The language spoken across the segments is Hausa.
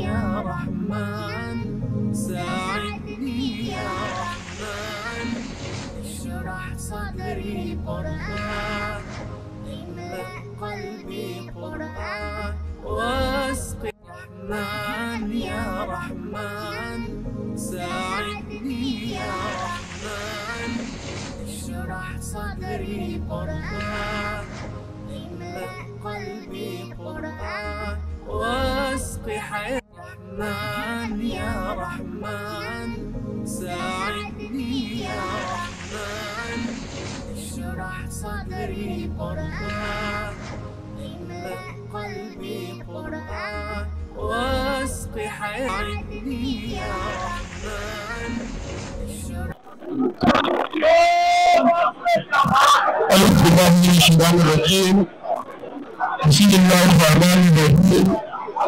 يا رحمن ساعدني يا رحمن اشرح صدري قرآن املأ قلبي قرآن واسقي رحمن يا رحمن ساعدني يا رحمن اشرح صدري قرآن املأ قلبي قرآن واسقي حياتي رحمن يا رحمن ساعدني يا رحمن اشرح صدري قرآن املأ قلبي قرآن واسق حياتي يا رحمن أعوذ بالله من الشيطان الرجيم بسم الله الرحمن الرحيم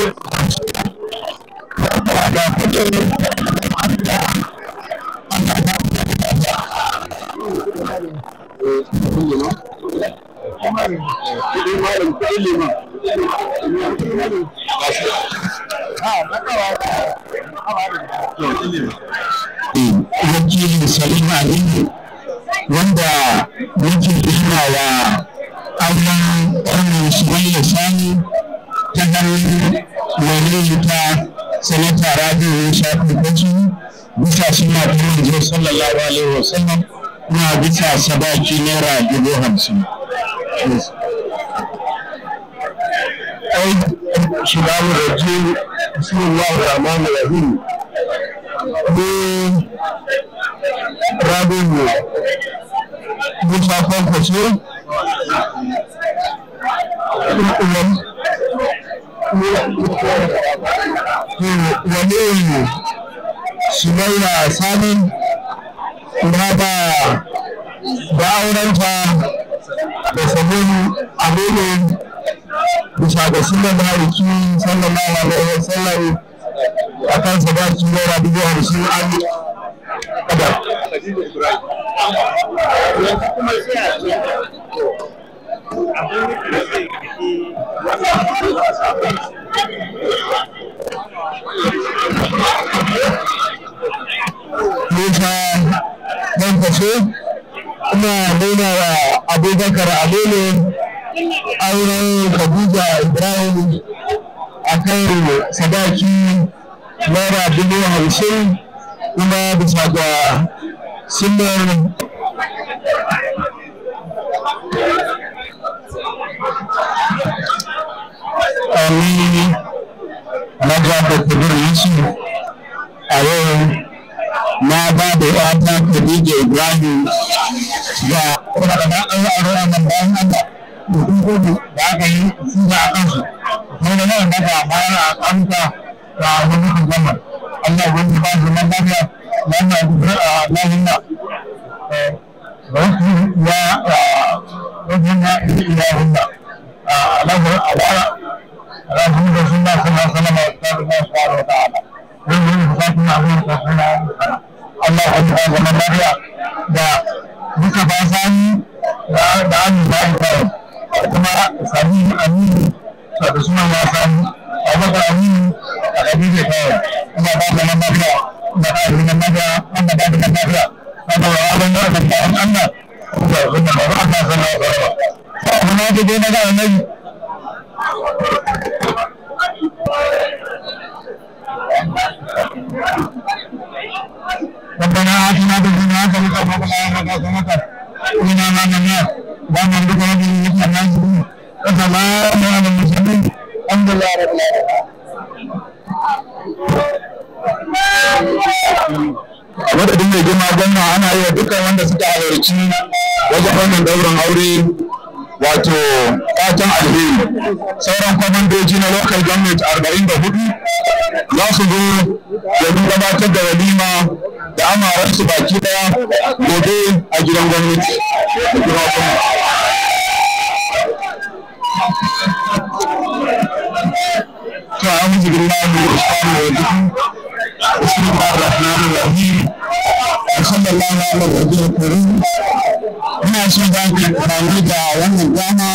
Ubangiji Salima Aliyu wanda muke gina wa Allah wannan shi wani ya ta hannun Mai ta sanata rabi'u shafi kwaci bisa suna ta manzo sallallahu alaihi wasallam na bisa sadaki naira dubu hamsin. شباب الرجيم بسم الله الرحمن الرحيم رابين مسافر فصول waliyu shimayya sani na ba da aurenta da sabon aminu bisa ga sunan hariki sallallahu alaihi wasallam a kan sabaki naira dubu hamsin an kada Ibrahim. Musa don fashe kuma nuna wa abubakar aminu auren Khadija Ibrahim a kan sadaki naira dubu hamsin kuma bisa ga sunan ni da jafa kabir yusuf a yau na ba da yata khadija ibrahim wannan daurin aure wato fatan alheri sauran kwamandoji na local government arba'in da hudu za su zo domin gabatar da walima da amaransu baki daya gobe a gidan gwamnati أعوذ بالله من الشيطان الرجيم بسم الله الرحمن الرحيم وصلى الله على النبي ina so za ku amfani da wannan dama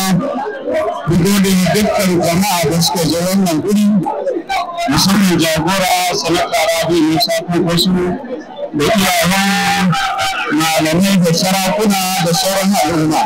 ku gode dukkan jama'a da suka zo wannan guri musamman jagora sanata rabi musa wasu, da iyayen malamai da sarakuna da sauran al'umma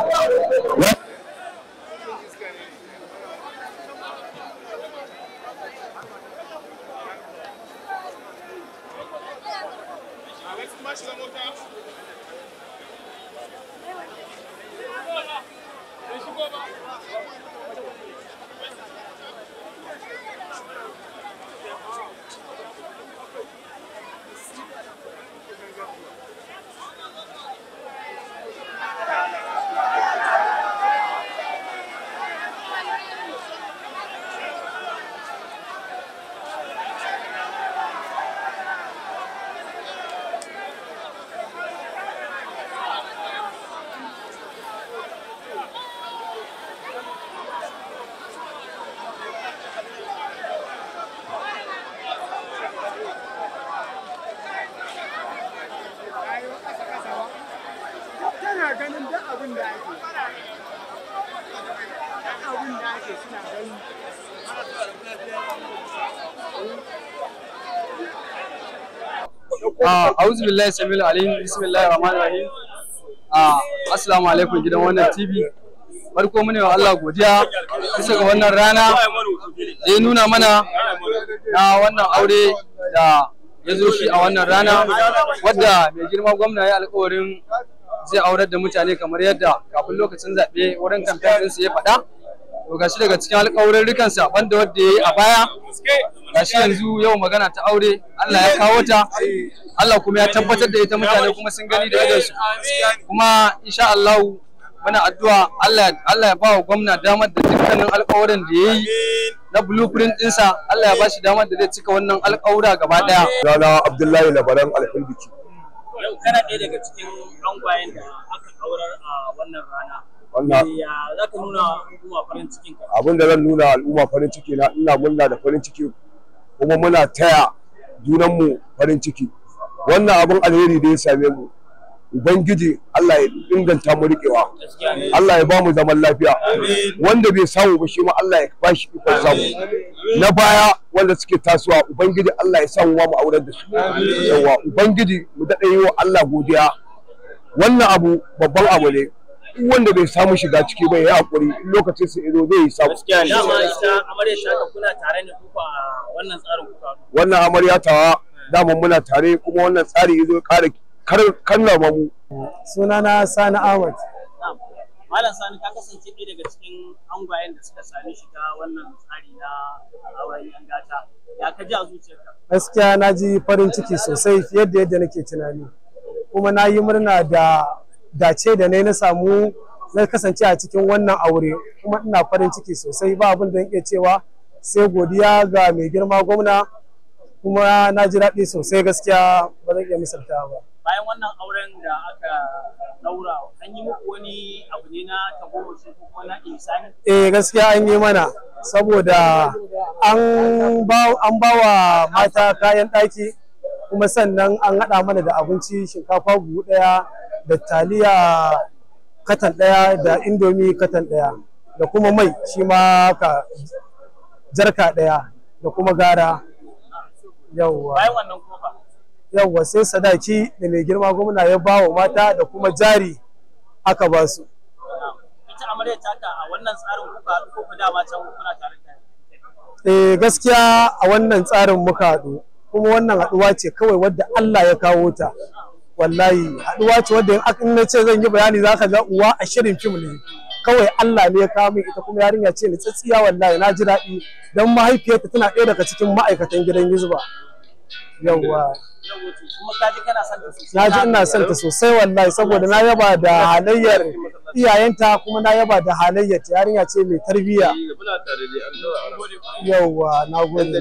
a'udhu billahi samil alim bismillahir rahmanir rahim ah, assalamu alaikum gidan wannan tv farko mune wa Allah godiya bisa ga wannan rana da ya nuna mana na wannan aure da ya zo shi a wannan rana wadda mai girma gwamna ya alkawarin zai aurar da mutane kamar yadda kafin lokacin zaɓe wurin kamfen ɗinsu ya faɗa to gashi daga cikin alƙawarin rikansa banda ya yi a baya gashi yanzu yau magana ta aure Allah ya kawo ta Allah kuma ya tabbatar da ita mutane kuma sun gani da idan su kuma insha Allah muna addu'a Allah Allah ya ba wa gwamna damar da dukkanin alƙawarin da yayi na blueprint ɗinsa Allah ya ba shi damar da zai cika wannan alƙawura gaba ɗaya. Rana Abdullahi Labaran Alhindiki. Yau kana ɗaya daga cikin ɗan-gwayen da aka kaurar a wannan rana. Eh, abin da zan nuna al'umma farin ciki na ina murna da farin ciki kuma muna taya junanmu farin ciki wannan abin alheri da ya same mu ubangiji Allah ya inganta mu riƙewa Allah ya ba mu zaman lafiya wanda bai samu ba shi ma Allah ya ba shi ikon samu na baya wanda suke tasowa ubangiji Allah ya samu mu auren da su yawa ubangiji mu daɗa yi wa Allah godiya wannan abu babban abu ne wanda bai samu shiga ciki bai ya hakuri lokacin su ido zai yi samu gaskiya ne amma ita amarya ta kuna tare ne kuka wannan tsarin kuka wannan amarya tawa dama muna tare kuma wannan tsari yazo kare kanna ma mu sunana Sani Ahmad Malam Sani ka kasance ɗaya daga cikin angwayen da suka sami shiga wannan tsari na auren an gata ya ka ji a zuciyarka gaskiya na ji farin ciki sosai fiye da yadda nake tunani kuma na yi murna da dace da ne na samu na kasance a cikin wannan aure kuma ina farin ciki sosai ba abin da iya cewa sai godiya ga mai girma gwamna kuma na ji daɗi sosai gaskiya ba zan iya misalta ba bayan wannan auren da aka daura an yi muku wani abu ne na tagomashi ko kuma na insani eh gaskiya an yi mana saboda an ba wa mata kayan ɗaki kuma sannan an haɗa mana da abinci shinkafa buhu ɗaya da taliya katan ɗaya da indomi katan ɗaya da kuma mai shi ma ka jarka ɗaya da kuma gara yawwa yauwa sai sadaki da mai girma gwamna ya ba wa mata da kuma jari aka ba su eh gaskiya a wannan tsarin muka haɗu kuma wannan haɗuwa ce kawai wadda Allah ya kawo ta wallahi haɗuwa ce wadda in na ce zan yi bayani za ka ga uwa a shirin fim ne kawai Allah ne ya kawo min ita kuma yarinya ce ni tsatsiya wallahi na ji daɗi don mahaifiyarta tana ɗaya daga cikin ma'aikatan gidan Yusba yawwa na ji ina son ta sosai wallahi saboda na yaba da halayyar iyayenta kuma na yaba da halayyar yarinya ce mai tarbiyya yawwa na gode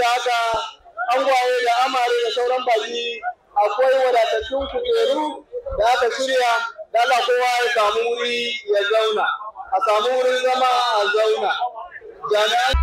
da haka angwaye da amare da sauran baki akwai wadatattun kujeru da aka shirya da Allah kowa ya samu wuri ya zauna a samu wurin zama a zauna jami'an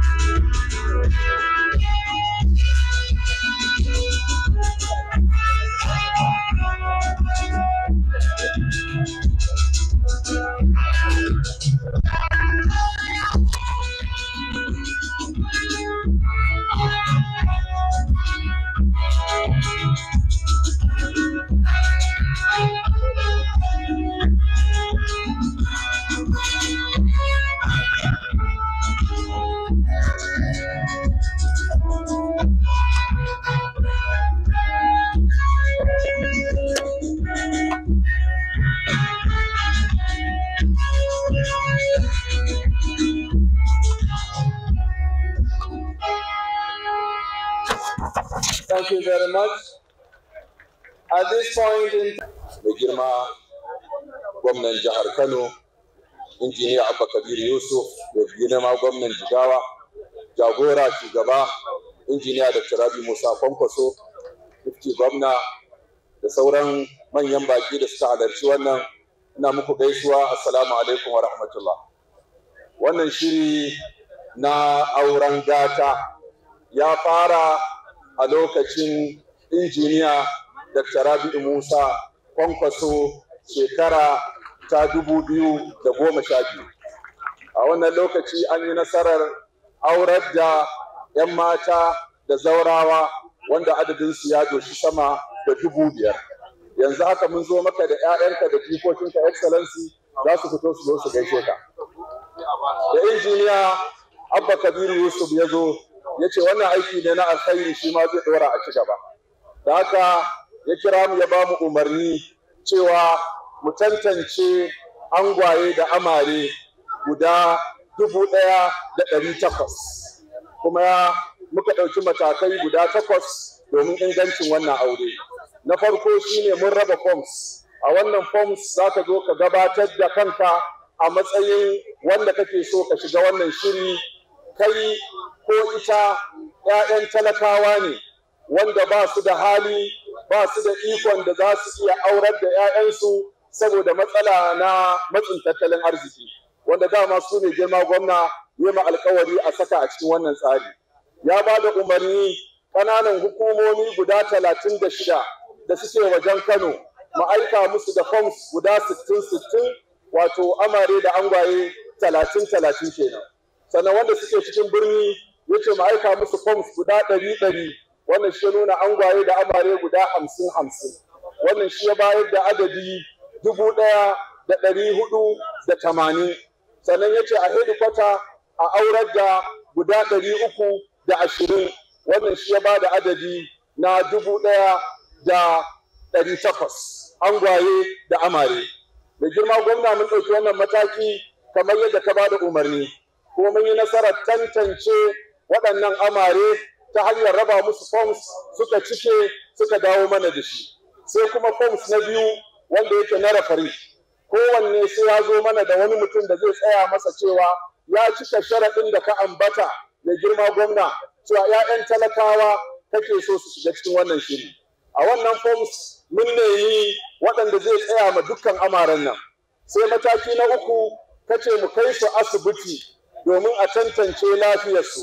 Thank you very much. At this point in Mai girma gwamnan jihar Kano, injiniya Abba Kabir Yusuf, da girma gwamnan Jigawa, jagora shugaba, injiniya Dr. Rabi Musa Kwankwaso, Mufti gwamna da sauran manyan baki da suka halarci wannan ina muku gaisuwa assalamu alaikum wa rahmatullah wannan shiri na auren gata ya fara a lokacin injiniya Dr. Rabi'u Musa kwankwaso shekara ta dubu biyu da goma sha biyu. A wannan lokaci an yi nasarar aurar da 'yan mata da zaurawa wanda su ya doshi sama da dubu biyar. Yanzu haka mun zo maka da 'ya'yanka da jikokinka excellency za su fito su zo su gaishe ka. Da injiniya Abba Kabiru Yusuf ya zo ya ce wannan aiki ne na alkhairi shi ma zai ɗora a ci gaba da haka ya kira mu ya ba mu umarni cewa mu tantance angwaye da amare guda dubu ɗaya da ɗari takwas kuma muka ɗauki matakai guda takwas domin ingancin wannan aure na farko shine mun raba forms a wannan forms za ka zo ka gabatar da kanka a matsayin wanda kake so ka shiga wannan shiri kai ko ita ‘ya'yan talakawa ne wanda ba su da hali ba su da ikon da za su iya aurar da ‘ya'yansu saboda matsala na matsin tattalin arziki wanda dama su ne girma gwamna ya ma alkawari a saka a cikin wannan tsari ya ba da umarni ƙananan hukumomi guda talatin da shida da suke wajen kano ma'aika musu da fom guda sittin sittin wato amare da angwaye talatin talatin kenan sannan wanda suke cikin birni ya ce aika musu foms guda ɗari ɗari wannan shi nuna angwaye da amare guda hamsin hamsin wannan shi ya bayar da adadi dubu ɗaya da ɗari hudu da tamanin sannan ya ce a hedikwata a aurar da guda ɗari uku da ashirin wannan shi ya ba da adadi na dubu ɗaya da ɗari takwas angwaye da amare da girma gwamna mun ɗauki wannan mataki kamar yadda ka ba da umarni ko mun yi nasarar tantance waɗannan amare ta hanyar raba musu forms suka cike suka dawo mana da shi sai kuma forms na biyu wanda yake na rafari kowanne sai ya zo mana da wani mutum da zai tsaya masa cewa ya cika sharaɗin da ka ambata ya girma gwamna cewa 'ya'yan talakawa kake so su shiga cikin wannan shiri a wannan forms mun ne yi waɗanda zai tsaya ma dukkan amaren nan sai mataki na uku kace mu kai su asibiti domin a tantance lafiyarsu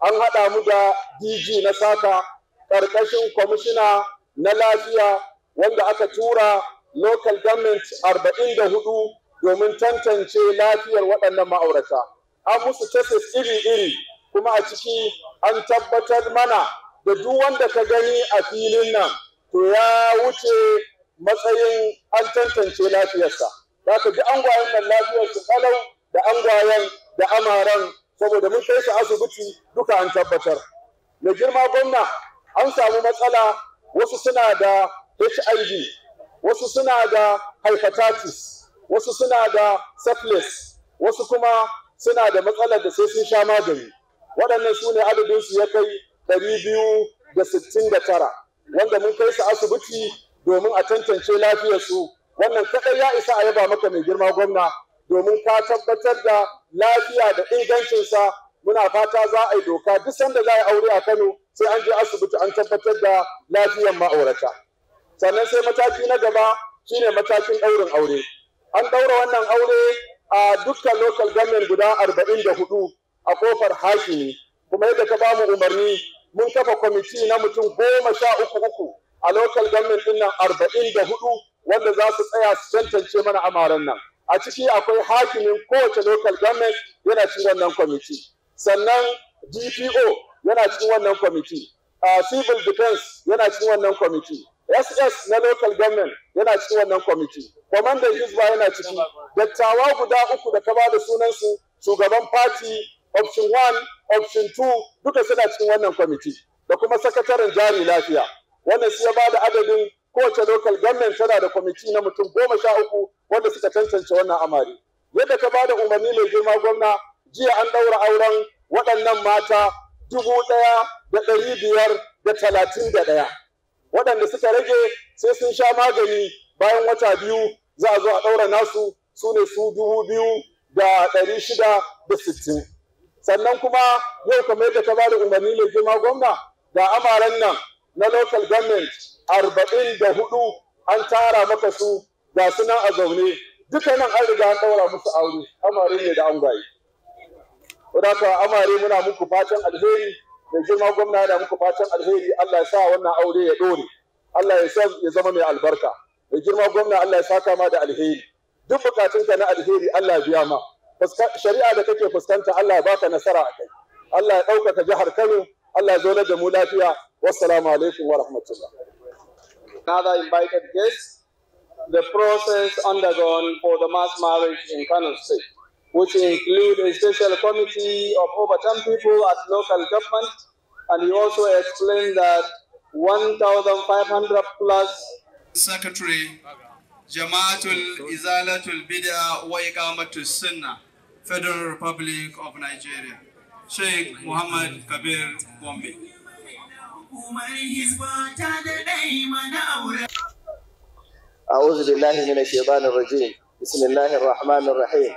an haɗa mu da dg na sata ƙarƙashin kwamishina na lafiya wanda aka tura local government 44 domin tantance lafiyar waɗannan ma'aurata an musu tafis iri-iri kuma a ciki an tabbatar mana da duk wanda ka gani a filin nan to ya wuce matsayin an tantance lafiyarsa. Za ka ji angwayen nan lafiyarsu ƙalau da angwayen da amaran saboda mun kai su asibiti duka an tabbatar da girma gwamna an samu matsala wasu suna da hiv wasu suna da hepatitis wasu suna da syphilis wasu kuma suna da matsalar da sai sun sha magani waɗannan su ne su ya kai ɗari biyu da sittin da tara wanda mun kai su asibiti domin a tantance lafiyarsu wannan kaɗai ya isa a yaba maka mai girma gwamna domin ka tabbatar da lafiya da ingancinsa muna fata za a yi doka duk sanda za a yi aure a Kano sai an je asibiti an tabbatar da lafiyar ma'aurata sannan sai mataki na gaba shine matakin ɗaurin aure an ɗaura wannan aure a dukkan local government guda arba'in da hudu a kofar hakimi kuma yadda ka bamu umarni mun kafa kwamiti na mutum goma sha uku uku a local government ɗin nan arba'in da hudu wanda za su tsaya su tantance mana amaran nan a ciki akwai hakimin kowace local government yana cikin wannan kwamiti sannan dpo yana cikin wannan kwamiti civil defense yana cikin wannan kwamiti ss na local government yana cikin wannan kwamiti kwamandan hizba yana ciki dattawa guda uku da ka ba da sunansu shugaban party option one option two duka suna cikin wannan kwamiti da kuma sakataren jari lafiya wannan su ya ba da adadin kowace local government tana da kwamiti na mutum goma sha uku wanda suka tantance wannan amari yadda ka ba da umarni mai girma gwamna jiya an ɗaura auren waɗannan mata dubu ɗaya da ɗari biyar da talatin da ɗaya waɗanda suka rage sai sun sha magani bayan wata biyu za a zo a ɗaura nasu su ne su dubu biyu da ɗari shida da sittin sannan kuma yau kamar yadda ka da umarni mai girma gwamna da amaren nan na local government arba'in da hudu an tara maka su ga suna a zaune duka nan an riga an ɗaura musu aure amare ne da an gaye wadaka amare muna muku fatan alheri mai girma gwamna yana muku fatan alheri Allah ya sa wannan aure ya ɗore Allah ya san ya zama mai albarka mai girma gwamna Allah ya saka ma da alheri duk bukatun ka na alheri Allah ya biya ma shari'a da kake fuskanta Allah ya baka nasara akai. Allah ya ɗaukaka jihar Kano Allah zo da mu lafiya wassalamu alaikum wa rahmatullah another invited guest the process undergone for the mass marriage in Kano State which include a special committee of over 10 people at local government and he also explained that 1,500 plus secretary Jamaatul Izalatul Bid'a wa Iqamatus Sunnah Federal Republic of Nigeria Sheikh Muhammad Kabir Gombe. أعوذ بالله من الشيطان الرجيم بسم الله الرحمن الرحيم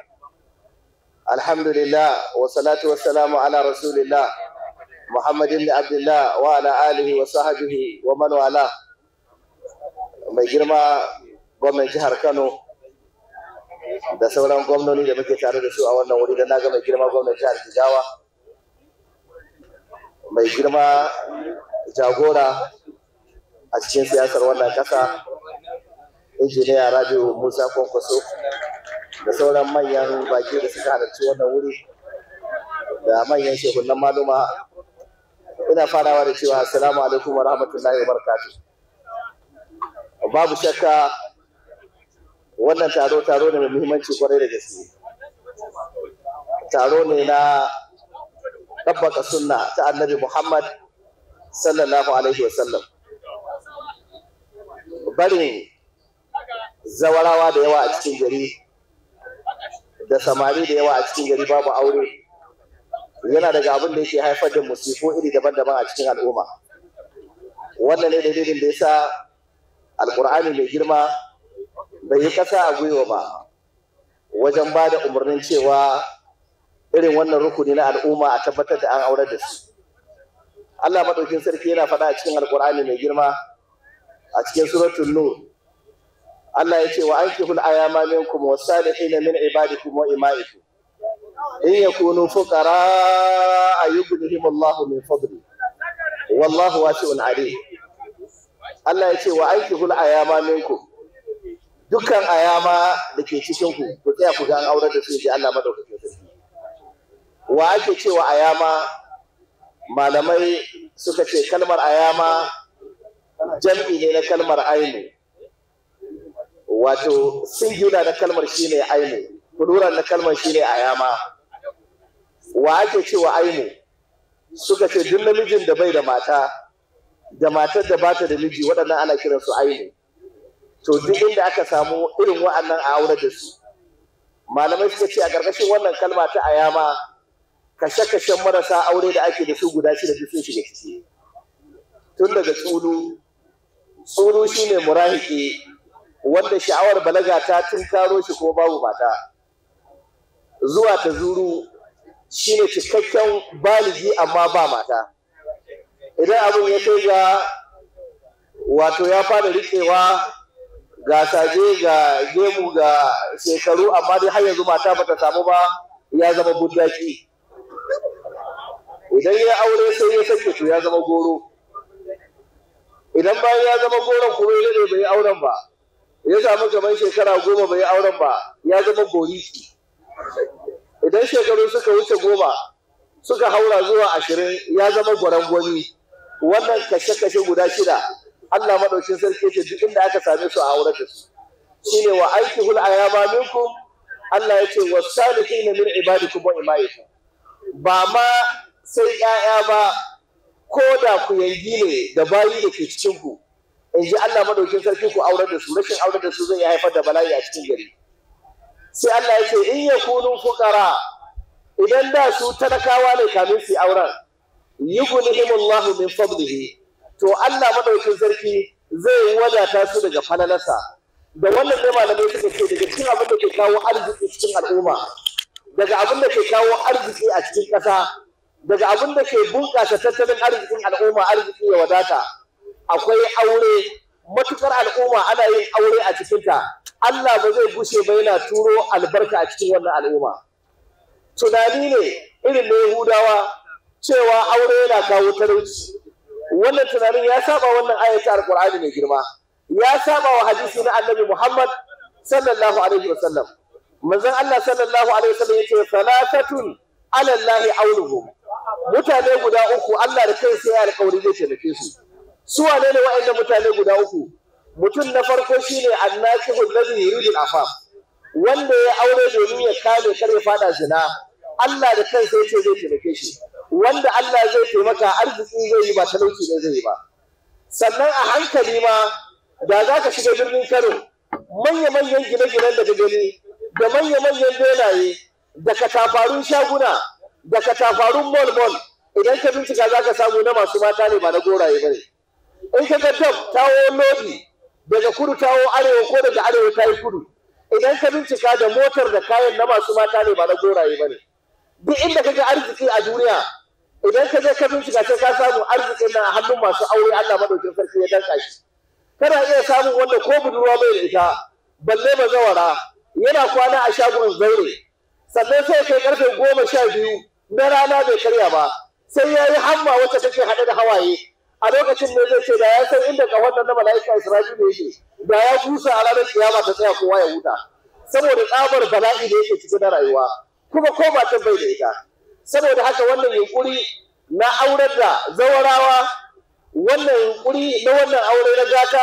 الحمد لله والصلاة والسلام على رسول الله محمد بن عبد الله وعلى آله وصحبه ومن والاه mai girma gwamnan jihar Kano da sauran gwamnoni da muke tare da su a wannan wuri da na ga mai girma gwamnan jihar Jigawa mai girma jagora a cikin siyasar wannan ƙasa injiniya rabiu musa kwankwaso da sauran manyan baki da suka halarci wannan wuri da manyan shekunan maluma ina farawa da cewa assalamu alaikum wa rahmatullahi wa babu shakka wannan taro taro ne mai muhimmanci kwarai da gaske taro ne na ɗabbaka sunna ta annabi Muhammad sallallahu alaihi wasallam. Bari zawarawa da yawa a cikin gari da samari da yawa a cikin gari babu aure yana daga abin da yake haifar da musifo iri daban-daban a cikin al'umma. Wannan ne dalilin da ya sa Alƙur'ani mai girma bai yi ƙasa a gwiwa ba wajen ba da umarnin cewa irin wannan rukuni na al'umma a tabbatar da an aurar da su Allah madaukin sarki yana faɗa a cikin Alƙur'ani mai girma a cikin suratul nur Allah ya ce wa ankihul ayama minkum wasalihin min ibadikum wa imaikum in yakunu fuqara ayughnihim Allahu min fadli wallahu wasi'un alim Allah ya ce wa ankihul ayama minkum dukkan ayama da ke cikin ku ku tsaya ku ga an aurar da su ji Allah madaukakin sarki wa ake cewa ayama malamai suka ce kalmar ayama jam'i ne na kalmar ainu wato singular na kalmar shine ainu kuduran na kalmar shine ayama wa ake cewa ainu suka ce duk namijin da bai da mata da matar da bata da miji waɗannan ana su ainu to duk inda aka samu irin wa'annan a aure da su malamai suka ce a ƙarƙashin wannan kalma ta ayama kashe-kashen marasa aure da ake da su guda shida duk sun shiga ciki tun daga tsulu tsulu ne murahiki wanda sha'awar balaga ta tun karo shi ko babu mata zuwa ta zuru shi ne cikakken baligi amma ba mata idan abin ya kai ga wato ya fara riƙewa ga saje ga gemu ga shekaru amma dai har yanzu mata bata samu ba ya zama buddaki idan ya aure sai ya sake to ya zama goro idan bayan ya zama goron kuma ya dade bai auren ba ya samu kamar shekara goma bai auren ba ya zama goriki idan shekaru suka wuce goma suka haura zuwa ashirin ya zama gwarangwani wannan kashe-kashe guda shida Allah maɗaukin sarki ce duk inda aka same su a aure da su shine wa aiki hul ayama minku? Allah ya ce wa salihin min ibadikum wa imaikum ba ma sai ‘ya'ya ba ko da ku yangi ne da bayi da ke cikin ku in ji Allah madaukin sarki ku aurar da su rashin aurar da su zai haifar da bala'i a cikin gari sai Allah ya ce in ya kunun fukara idan da su talakawa ne kamin su auren yi lahu min fadlihi to Allah madaukin sarki zai wadata su daga falalasa da wannan zai malamai suka ce daga cikin abin da ke kawo arziki cikin al'umma daga abin da ke kawo arziki a cikin ƙasa daga abin da ke bunƙasa tattalin arzikin al'umma arziki ya wadata akwai aure matukar al'umma ana yin aure a cikinta Allah ba zai gushe ba yana turo albarka a cikin wannan al'umma tunani ne irin na Yahudawa cewa aure yana kawo talauci wannan tunanin ya saba wannan al alqur'ani mai girma ya saba wa hadisi na annabi Muhammad sallallahu alaihi wasallam manzon Allah sallallahu alaihi wasallam yace salatatun ala Allah auluhum mutane guda uku Allah da kai sai ya alƙawari zai taimake su su wane ne wa'annan mutane guda uku mutum na farko shine annasihu alladhi yuridu afaf wanda ya aure domin ya kame kar fada zina Allah da kansa yace zai taimake shi wanda Allah zai taimaka arziki zai yi ba talauci ne zai yi ba sannan a hankali ma da za ka shiga birnin Kano manya-manyan gine-ginen da gani da manya-manyan benaye da katafarun shaguna da katafarun mol mol idan ka bincika za ka samu na masu mata ne ba na goraye ba ne in ka ga dab tawo lodi daga kudu tawo arewa ko daga arewa ta yi kudu idan ka bincika da motar da kayan na masu mata ne ba na goraye ba ne duk inda ka ga arziki a duniya idan ka je ka bincika sai ka samu arzikin nan a hannun masu aure Allah madaukin sarki ya danka shi kana iya samun wanda ko budurwa bai da ita balle zawara. yana kwana a shagon zaure sannan sai kai karfe goma sha biyu na rana bai karya ba sai ya yi hamma wacce take haɗe da hawaye a lokacin ne zai ce da ya san inda kafar nan na mala'ika ne yake da ya busa a ranar kiyama ta tsaya kowa ya huta saboda tsabar bala'i da yake na rayuwa kuma ko matan bai da ita saboda haka wannan yunkuri na aurar da zawarawa wannan yunkuri na wannan aure na gata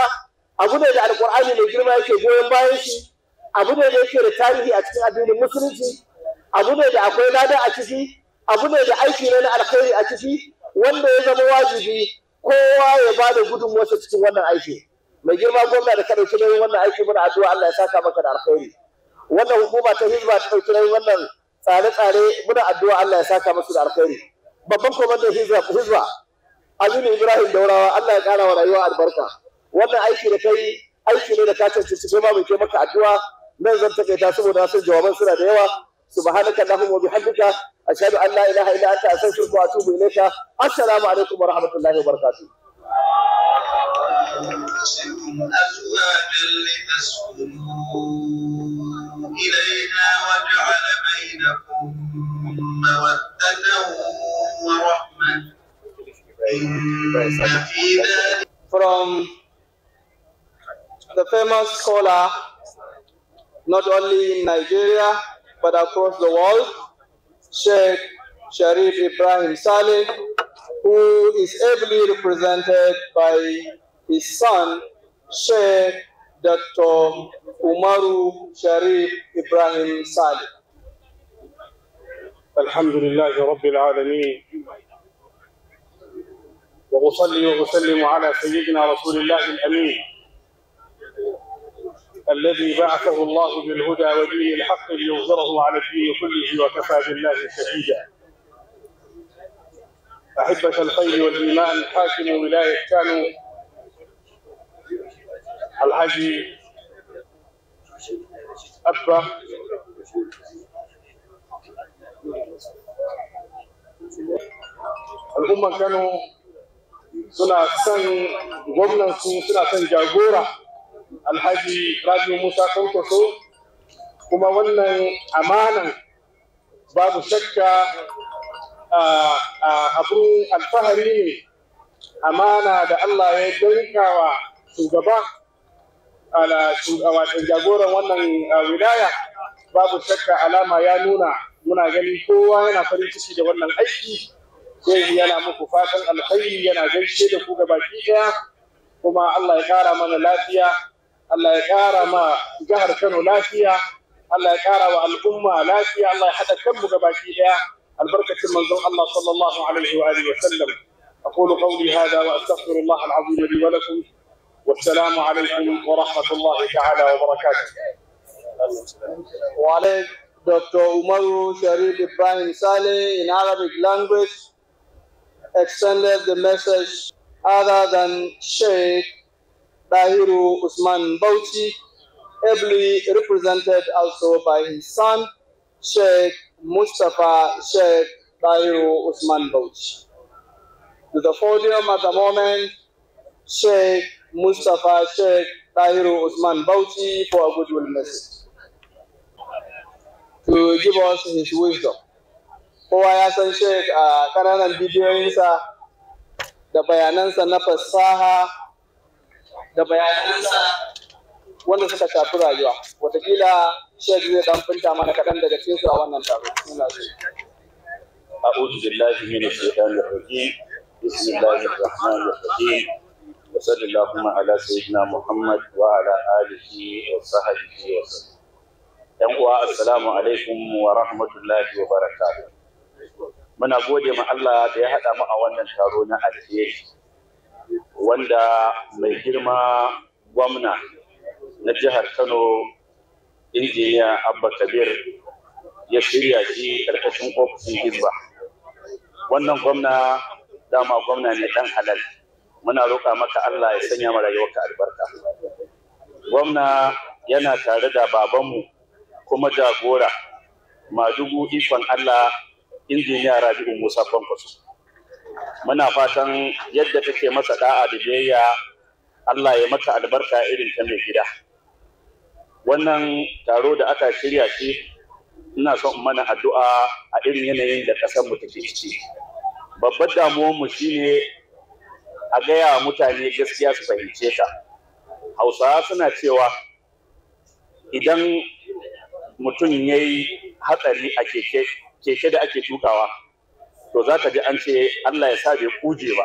abu ne da alkur'ani mai girma yake goyon bayan shi abu ne da yake da tarihi a cikin addinin musulunci abu ne da akwai lada a ciki abu ne da aiki ne na alkhairi a ciki wanda ya zama wajibi kowa ya ba da gudunmuwarsa cikin wannan aiki mai girma gwamna da ka ɗauki nauyin wannan aiki muna addu'a Allah ya saka maka da alkhairi wannan hukuma ta hizba ta ɗauki nauyin wannan tsare-tsare muna addu'a Allah ya saka masu da alkhairi babban kwamandan hizba Aminu Ibrahim Daurawa Allah ya ƙara wa rayuwa albarka wannan aiki da kai aiki ne da ka cancanci sai ma mai kai maka addu'a nan zan takaita saboda na jawaban suna da yawa سبحانك اللهم وبحمدك اشهد ان لا اله الا انت استغفرك واتوب اليك السلام عليكم ورحمه الله وبركاته إلينا وجعل بينكم مودة ورحمة إن في From the famous scholar not only in Nigeria but across the world, Sheikh Sharif Ibrahim Saleh, who is ably represented by his son, Sheikh Dr. Umaru Sharif Ibrahim Saleh. الحمد لله رب العالمين وأصلي وأسلم على سيدنا رسول الله الأمين الذي بعثه الله بالهدى ودين الحق ليظهره على الدين كله وكفى بالله شهيدا. أحبة الخير والإيمان حاكم ولاية كانوا الحجي أبا al'umman kano سنة son gwamnansu سنة سن jagora alhaji rabi musa kautoso kuma wannan amanan babu shakka abun alfahari ne amana da allah ya dankawa shugaba ala jagoran wannan wilaya babu shakka alama ya nuna muna gani kowa yana farin ciki da wannan aiki sai yana muku fatan alkhairi yana gaishe da ku gabaki ɗaya, kuma Allah ya kara mana lafiya Allah ya ƙara ma jihar Kano lafiya Allah ya ƙara wa al'umma lafiya Allah ya haɗa kanmu baki ɗaya albarkacin manzon Allah sallallahu alaihi wa alihi wa sallam أقول قولي هذا وأستغفر الله العظيم لي ولكم والسلام عليكم ورحمة الله تعالى وبركاته وعليك دكتور Umaru Sharif Ibrahim Saleh in Arabic language extended the message other than Sheikh Dahiru Usman Bauchi, ably represented also by his son, Sheikh Mustafa Sheikh Dahiru Usman Bauchi. To the podium at the moment, Sheikh Mustafa Sheikh Dahiru Usman Bauchi for a goodwill message to give us his wisdom. Kowa I ask Sheikh a ƙananan bidiyoyinsa the bayanansa na fasaha da bayanansa wanda suka shafi rayuwa watakila shaidu zai dan finta mana kaɗan daga cikin su a wannan taro أعوذ بالله من الشيطان الرجيم بسم الله الرحمن الرحيم وصلى اللهم على سيدنا محمد وعلى آله وصحبه وسلم ‘Yan uwa, Assalamu wa rahmatullahi wa Muna gode ma Allah da ya haɗa mu a wannan taro na alheri. wanda mai girma gwamna na jihar kano injiniya abba kabir ya shirya shi karkashin ofishin gizba, wannan gwamna dama gwamna ne dan halal muna roƙa maka allah ya sanya mu ka albarka gwamna yana tare da babanmu kuma jagora madugu ikon allah injiniya rabi'u musa kwankwaso muna fatan yadda take masa da'a da biyayya Allah ya mata albarka irin ta mai gida wannan taro da aka shirya shi ina son mana addu'a a irin yanayin da ƙasar mu take ciki babbar damuwar mu shine a gaya mutane gaskiya su fahimce ta hausawa suna cewa idan mutum ya yi hatsari a keke keke da ake tukawa to za ka ji an ce Allah ya sa bai kuje ba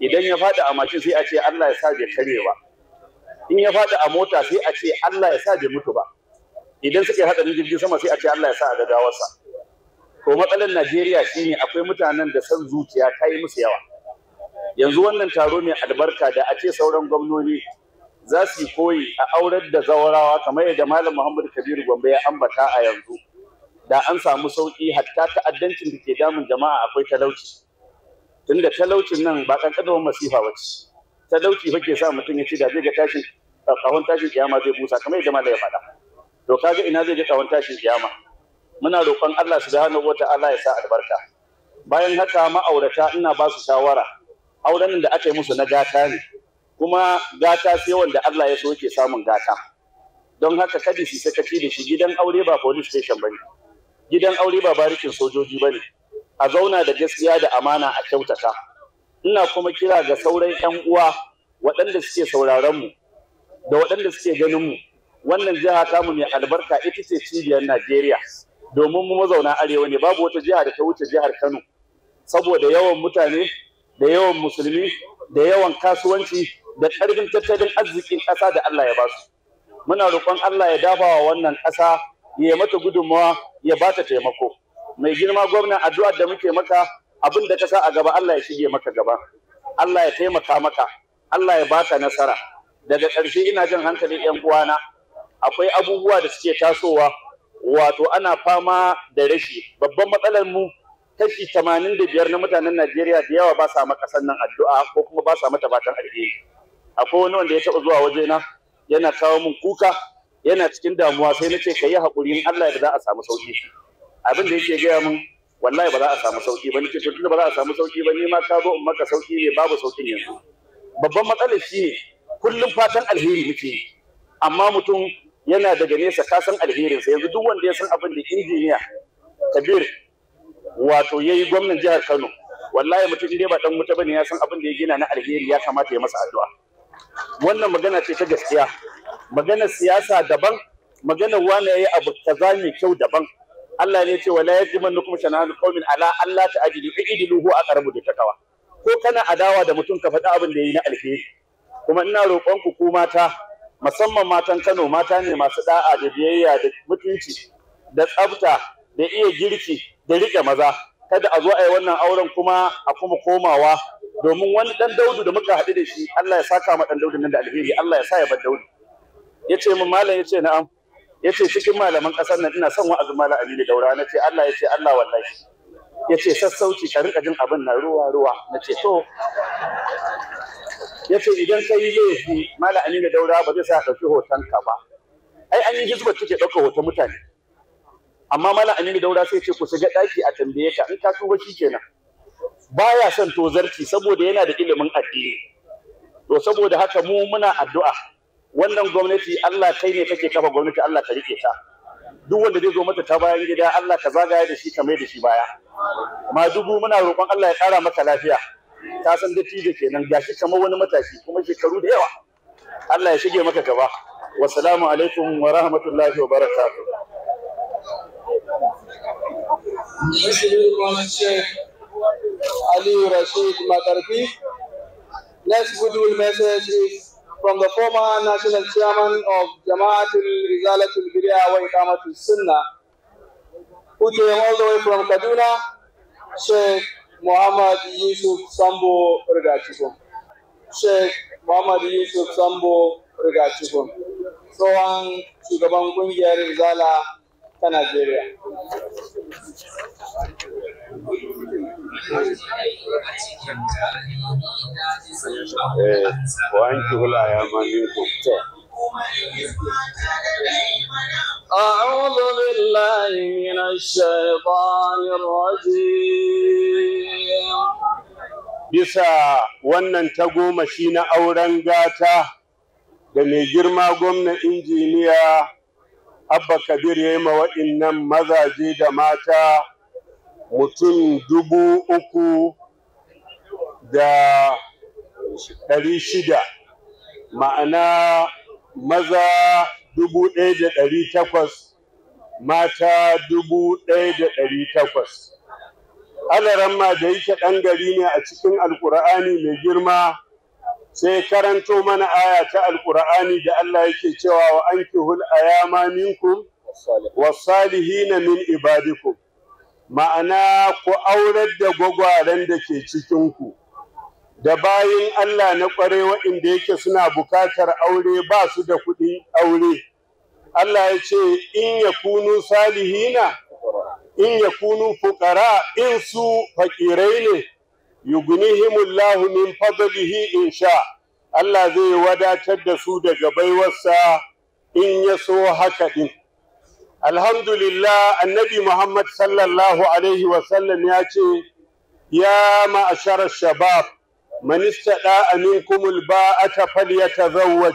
idan ya faɗi a mashin sai a ce Allah ya sa bai kare ba in ya faɗi a mota sai a ce Allah ya sa bai mutu ba idan suka haɗa jirgin sama sai a ce Allah ya sa a gagawarsa to matsalar Najeriya shine akwai mutanen da san zuciya ta yi musu yawa yanzu wannan taro mai albarka da a ce sauran gwamnoni za su yi koyi a aurar da zaurawa kamar yadda malam Muhammad Kabiru Gombe ya ambata a yanzu da an samu sauƙi hatta ta'addancin da ke damun jama'a akwai talauci tunda talaucin nan ba ƙanƙanuwar masifa ba talauci fa ke sa mutum ya ci da zai ga tashin ƙahon tashin kiyama zai busa kamar yadda malai ya faɗa to kaga ina zai ga ƙahon tashin kiyama muna roƙon Allah subhanahu wata'ala ya sa albarka bayan haka ma'aurata ina ba su shawara auren da aka yi musu na gata ne kuma gata sai wanda Allah ya so yake samun gata don haka kada su sakaci da shi gidan aure ba police station bane gidan aure ba barikin sojoji ba ne a zauna da gaskiya da amana a kyautata ina kuma kira ga sauran 'yan uwa waɗanda suke sauraron mu da waɗanda suke ganin mu wannan jiha mu mai albarka ita ce cibiyar Najeriya domin mu mazauna arewa ne babu wata jiha da ta wuce jihar Kano saboda yawan mutane da yawan musulmi da yawan kasuwanci da ƙarfin tattalin arzikin ƙasa da Allah ya ba su, muna roƙon Allah ya dafa wa wannan ƙasa ya mata gudunmawa ya ba ta taimako mai girma gwamna addu'a da muke maka abin da ka sa a gaba Allah ya shige maka gaba Allah ya taimaka maka Allah ya baka nasara daga ƙarshe ina jin hankalin yan uwana akwai abubuwa da suke tasowa wato ana fama da rashi babban matsalar mu kashi tamanin da biyar na mutanen Najeriya da yawa ba sa maka sannan addu'a ko kuma ba sa mata fatan alheri akwai wani wanda ya taɓa zuwa wajena yana kawo min kuka yana cikin damuwa sai na ce ka yi haƙuri in Allah ya za a samu sauki abin da yake gaya min wallahi ba za a samu sauki ba nake tunda ba za a samu sauki ba ni ma ka zo in maka sauki ne babu saukin yanzu babban matsalar shi ne kullum fatan alheri muke amma mutum yana daga nesa ka san sa yanzu duk wanda ya san abin da injiniya kabir wato yayi yi gwamnan jihar kano wallahi mutum dai ba dan wuta bane ya san abin da ya gina na alheri ya kamata ya masa addu'a wannan magana ce ta gaskiya maganar siyasa daban maganar wani yi abu kaza mai kyau daban Allah ne ce wala yajmannukum shana'anu qaumin ala Allah a i'diluhu aqrabu da kawa. ko kana adawa da mutum ka faɗa abin da yayi na alheri kuma ina roƙon ku ku mata musamman matan Kano mata ne masu da'a da biyayya da mutunci da tsafta da iya girki da riƙe maza kada a zo a yi wannan auren kuma a kuma komawa domin wani ɗan daudu da muka haɗu da shi Allah ya saka ma ɗan daudu nan da alheri Allah ya sa ya bar daudu ya ce min malam ya ce na'am ya ce cikin malaman ƙasar nan ina son wa'azin malam Aminu Daura na ce Allah ya ce Allah wallahi ya ce sassauci ka rinka jin abin na ruwa ruwa na ce to ya ce idan ka yi laifi malam Aminu Daura ba zai sa ka ɗauki hoton ka ba ai an yi hizbar take ɗaukar hoton mutane amma malam Aminu Daura sai ce ku shiga ɗaki a tambaye ka in ka tuba kenan baya son tozarci saboda yana da ilimin addini to saboda haka mu muna addu'a wannan gwamnati Allah kai ne kake kafa gwamnati Allah ka rike ta duk wanda zai zo mata ta bayan gida Allah ka zagaya da shi ka mai da shi baya ma dubu muna roƙon Allah ya ƙara maka lafiya ta san dattijo kenan gashi kamar wani matashi kuma shekaru da yawa Allah ya shige maka gaba wassalamu alaikum wa rahmatullahi wa barakatuh Aliyu Rashid Makarfi. Next goodwill message is from the former national chairman of Jamaatul Rizalatul Bidya wa Iqamatul Sunnah, who came all the way from Kaduna, Sheikh Muhammad Yusuf Sambo Rigachifun. Sheikh Muhammad Yusuf Sambo Rigachifun. So, Rigachikum. Tsohon shugaban kungiyar Izala ta Najeriya. Eh, wanki hula ya mani to. أعوذ بالله من الشيطان الرجيم bisa wannan tagomashi na auren gata da mai girma gwamna injiniya abba kabir ya yi ma wa'innan mazaje da mata mutum dubu uku da ɗari shida ma'ana maza dubu ɗaya da ɗari takwas mata dubu ɗaya da ɗari takwas adaran ma da yake ɗan gari ne a cikin alkur'ani mai girma sai karanto mana aya ta alkur'ani da Allah yake cewa wa ankihul ayama minkum wasalihina min ibadikum ma'ana ku aurar da gwagwaren da ke cikin ku da bayin Allah na ƙware waɗanda yake suna bukatar aure ba su da kuɗin aure Allah ya ce in ya kunu salihina in ya kunu fukara in su faƙirai ne yugunihimullahu min fadlihi in sha Allah zai wadatar da su daga baiwarsa in ya so haka din alhamdulillah annabi Muhammad sallallahu alaihi wasallam ya ce ya ma'ashar shabab man istada minkum alba'ata falyatazawwaj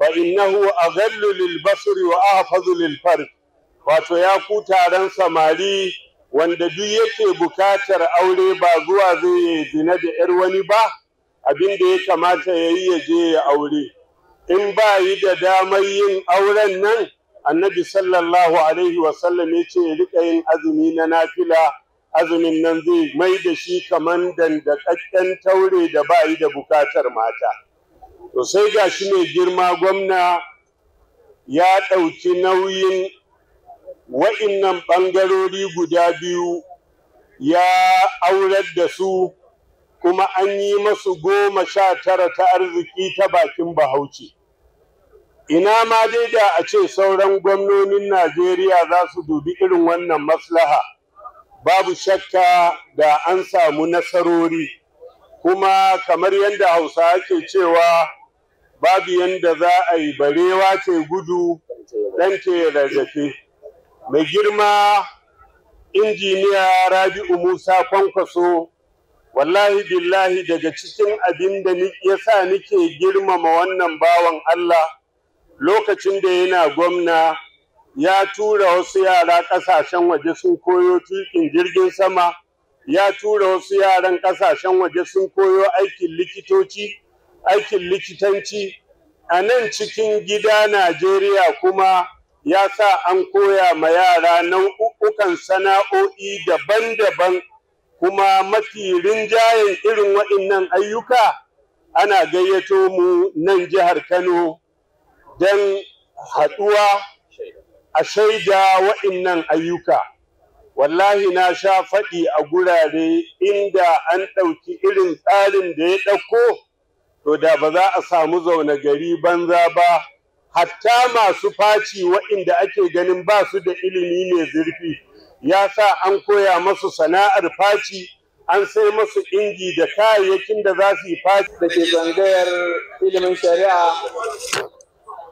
fa innahu aghallu lil basri wa ahfazu lil farj wato ya ku taron samari wanda duk yake buƙatar aure ba zuwa zai yi zina da 'yar wani ba abin da ya kamata ya yi ya je ya aure in ba yi da damar yin auren nan annabi sallallahu alaihi wasallam ya ce rika yin azumi na nafila azumin nan zai mai da shi kaman dandakakken taure da ba yi da buƙatar mata to sai ga shi mai girma gwamna ya ɗauki nauyin wa'innan ɓangarori guda biyu ya aurar da su kuma an yi masu goma sha tara ta arziki ta bakin bahauci ina ma dai da a ce sauran gwamnonin najeriya za su dubi irin wannan maslaha babu shakka da an samu nasarori kuma kamar yadda hausa ke cewa babu yadda za a yi barewa ce gudu ɗan ke rarrafe mai girma injiniya rabi'u musa kwankwaso wallahi billahi daga cikin abin da ya sa nike girmama wannan bawan allah lokacin da yana gwamna ya tura wasu yara ƙasashen waje sun koyo tukin jirgin sama ya tura wasu yaran ƙasashen waje sun koyo aikin likitoci aikin likitanci a nan cikin gida najeriya kuma ya sa an koya ma yara nau'ukan sana'o'i daban-daban kuma mafi rinjayen irin waɗannan ayyuka ana gayyato mu nan jihar Kano don haɗuwa a shaida waɗannan ayyuka. Wallahi na sha faɗi a gurare inda an ɗauki irin tsarin da ya ɗauko, to da ba za a samu zaune gari banza ba. hatta masu faci waɗanda ake ganin ba su da ilimi ne zurfi ya sa an koya masu sana'ar faci an sai masu inji da kayayyakin da za su yi faci da ke zangayar ilimin shari'a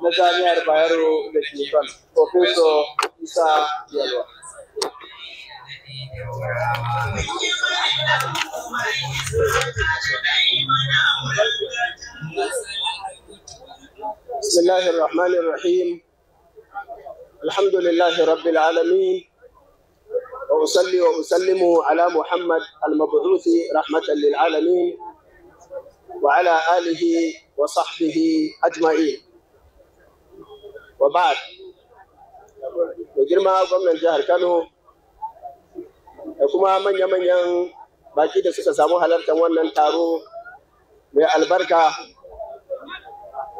na jami'ar bayero da ke kan professor isa yalwa Thank you. بسم الله الرحمن الرحيم الحمد لله رب العالمين وأصلي وأسلم على محمد المبعوث رحمة للعالمين وعلى آله وصحبه أجمعين وبعد girma gwamnan jihar Kano da kuma manya-manyan baki da suka samu halartar wannan taro mai albarka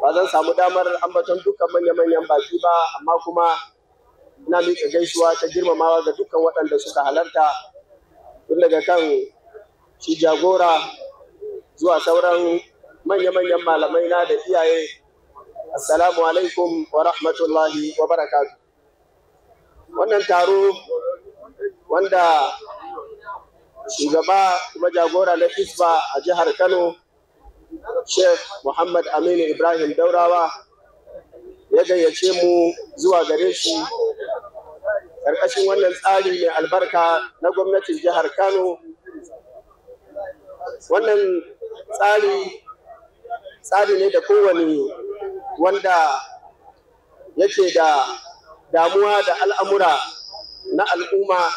ba zan samu damar ambaton dukkan manya-manyan baki ba amma kuma ina miƙa gaisuwa ta girmamawa ga dukkan waɗanda suka halarta tun daga kan shi jagora zuwa sauran manya-manyan malamai na da iyaye assalamu alaikum wa rahmatullahi wa barakatu wannan taro wanda shugaba kuma jagora na isba a jihar kano Sheikh Muhammad Aminu Ibrahim Daurawa ya gayyace mu zuwa gare shi ƙarƙashin wannan tsari mai albarka na gwamnatin jihar Kano. Wannan tsari tsari ne da kowane wanda yake da damuwa da al'amura na al'umma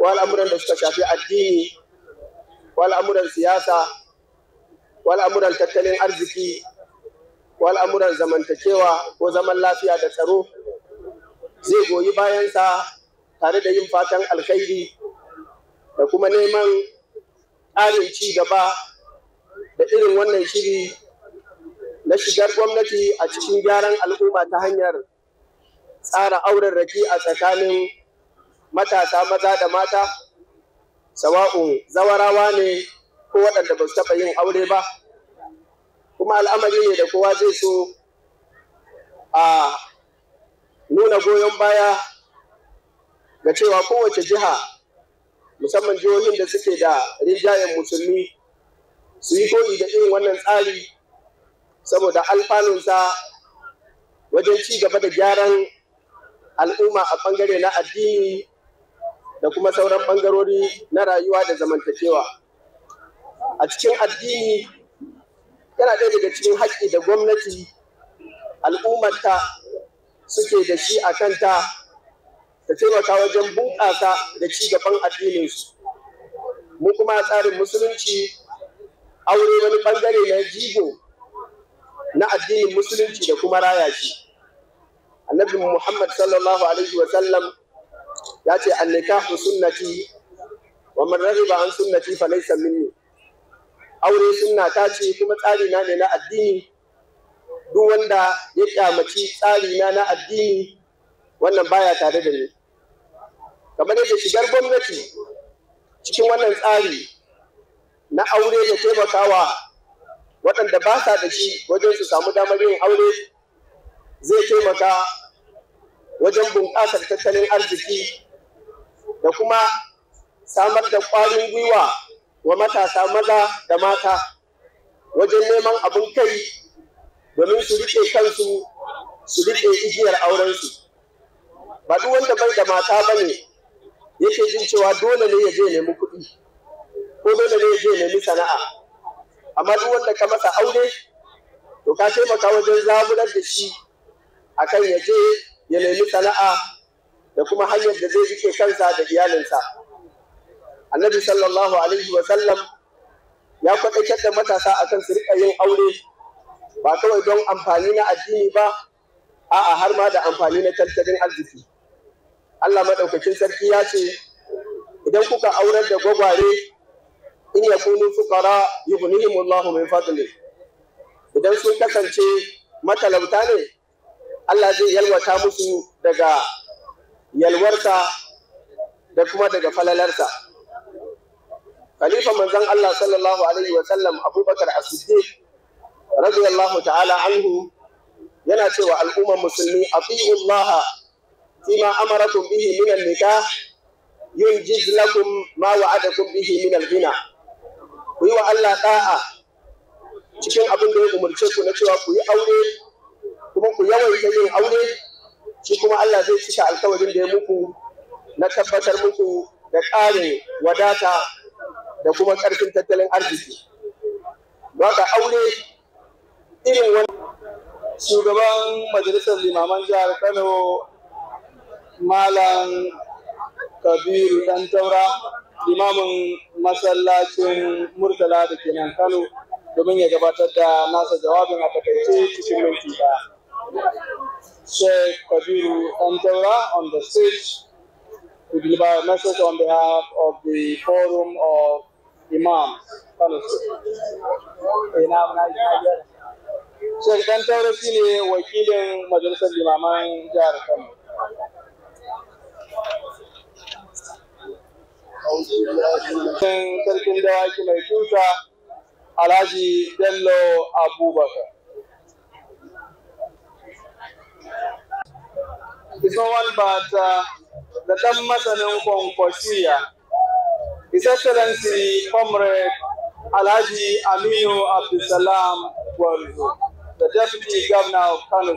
ko al'amuran da suka shafi addini ko al'amuran siyasa ko al'amuran tattalin arziki ko al'amuran zamantakewa ko zaman lafiya da tsaro zai goyi bayansa tare da yin fatan alkhairi da kuma neman ƙarin ci gaba da irin wannan shiri na shigar gwamnati a cikin gyaran al'umma ta hanyar tsara auren raki a tsakanin matasa maza da mata sawa'un zawarawa ne ko waɗanda ba su taɓa yin aure ba kuma al'amari ne da kowa zai so a nuna goyon baya ga cewa kowace jiha musamman jihohin da suke da rinjayen musulmi su yi koyi da irin wannan tsari saboda alfanunsa wajen ci gaba da gyaran al'umma a ɓangare na addini da kuma sauran ɓangarori na rayuwa da zamantakewa. a cikin addini yana ɗaya daga cikin haƙƙi da gwamnati al'ummarta suke da shi a kanta ta taimaka wajen bunƙasa da ci gaban addininsu mu kuma tsarin musulunci aure wani ɓangare na jigo na addinin musulunci da kuma raya shi annabi muhammad sallallahu alaihi wa sallam ya ce annikahu sunnati wa man ba an sunnati fa laysa minni aure sunna ta ce kuma tsari na ne na addini duk wanda ya kyamaci tsari na na addini wannan baya tare da ni kamar yadda shigar gwamnati cikin wannan tsari na aure da taimakawa waɗanda ba sa da shi wajen su samu damar yin aure zai taimaka wajen bunƙasar tattalin arziki da kuma samar da ƙwarin gwiwa wa matasa maza da mata wajen neman abin kai domin su riƙe kansu su riƙe igiyar aurensu ba duk wanda bai da mata ba ne yake jin cewa dole ne ya je nemi kuɗi ko dole ne ya je nemi sana'a amma duk wanda ka masa aure to ka taimaka wajen zaburar da shi akan ya je ya nemi sana'a da kuma hanyar da zai rike kansa da iyalinsa. annabi sallallahu alaihi wa sallam ya kwaɗaitar da matasa a kan riƙa yin aure ba kawai don amfani na addini ba a'a har ma da amfani na tattalin arziki Allah maɗaukakin sarki ya ce idan kuka aurar da gwagware in ya kunu fukara yughnihim Allahu min fadli idan sun kasance matalauta ne Allah zai yalwata musu daga yalwarsa da kuma daga falalarsa khalifa manzon Allah sallallahu alaihi wa sallam Abubakar As-Siddiq radiyallahu ta'ala anhu yana cewa al'ummar musulmi ati'u Allah fima amarakum bihi min an-nikah yunjiz lakum ma wa'adakum bihi min al-ghina ku yi wa Allah da'a cikin abin da ya umarce ku na cewa ku yi aure kuma ku yawaita yin aure shi kuma Allah zai cika alkawarin da ya muku na tabbatar muku da ƙarin wadata da kuma ƙarfin tattalin arziki waka aure irin wani shugaban majalisar limaman jihar kano malam kabiru dan taura limamin masallacin murtala da ke nan kano domin ya gabatar da nasa jawabin a takaice cikin minti ɗaya. Sheikh Kabiru Antaura on the stage to deliver a message on behalf of the Forum of Imams Fellowship. Sheikh Dan Taure shi ne wakilin majalisar limaman jihar Kano. Sarkin dawaki mai tuta Alaji Bello Abubakar. isowan bata uh, da ɗan masanin kwankwasiya His Excellency Comrade Alhaji Aminu Abdulsalam Gwarzo, the Deputy Governor of Kano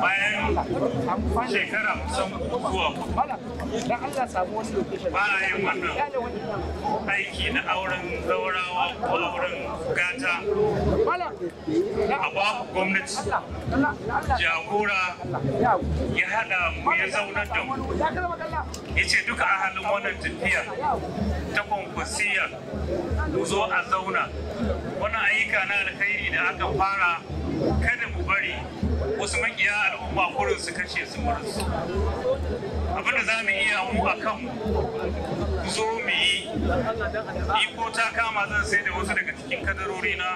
bayan shekara kusan zuwa ba a yin wannan aiki na auren zaurawa ko auren gata a babu gwamnati jagora ya hada mu ya zauna da mu ya ce duka a halin wannan tafiya ta kwankwasiya mu zo a zauna wannan ayyuka na alkhairi da aka fara kada mu bari wasu makiya al'umma kurin su kashe su murus abin da za mu iya mu a kan zo mu yi iko ta kama zan sayar da wasu daga cikin kadarori na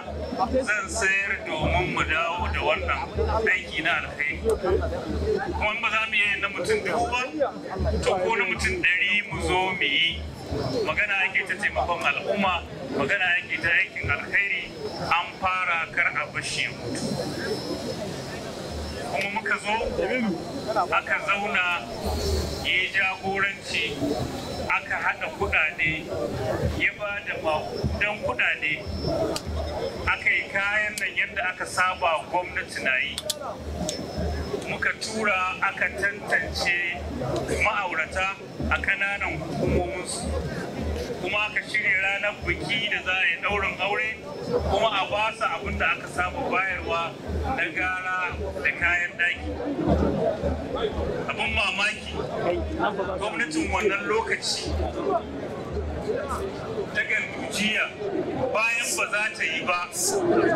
zan sayar domin mu dawo da wannan aiki na alkhairi kuma ba za mu yi na mutum da ba to ko na mutum ɗari mu zo mu yi magana ake ta taimakon al'umma magana ake ta aikin alkhairi an fara kar a bashi mutu kuma muka zo aka zauna ya yi jagoranci aka haɗa kuɗaɗe ya ba da makudan kuɗaɗe aka yi kayan nan yadda aka saba gwamnati na yi muka tura aka tantance ma'aurata a ƙananan hukumominsu kuma aka shirya ranar biki da za a yi ɗaurin aure kuma a ba su abin da aka samu bayarwa na gara da kayan daki abin mamaki gwamnatin wannan lokaci ta gandujiya bayan ba za ta yi ba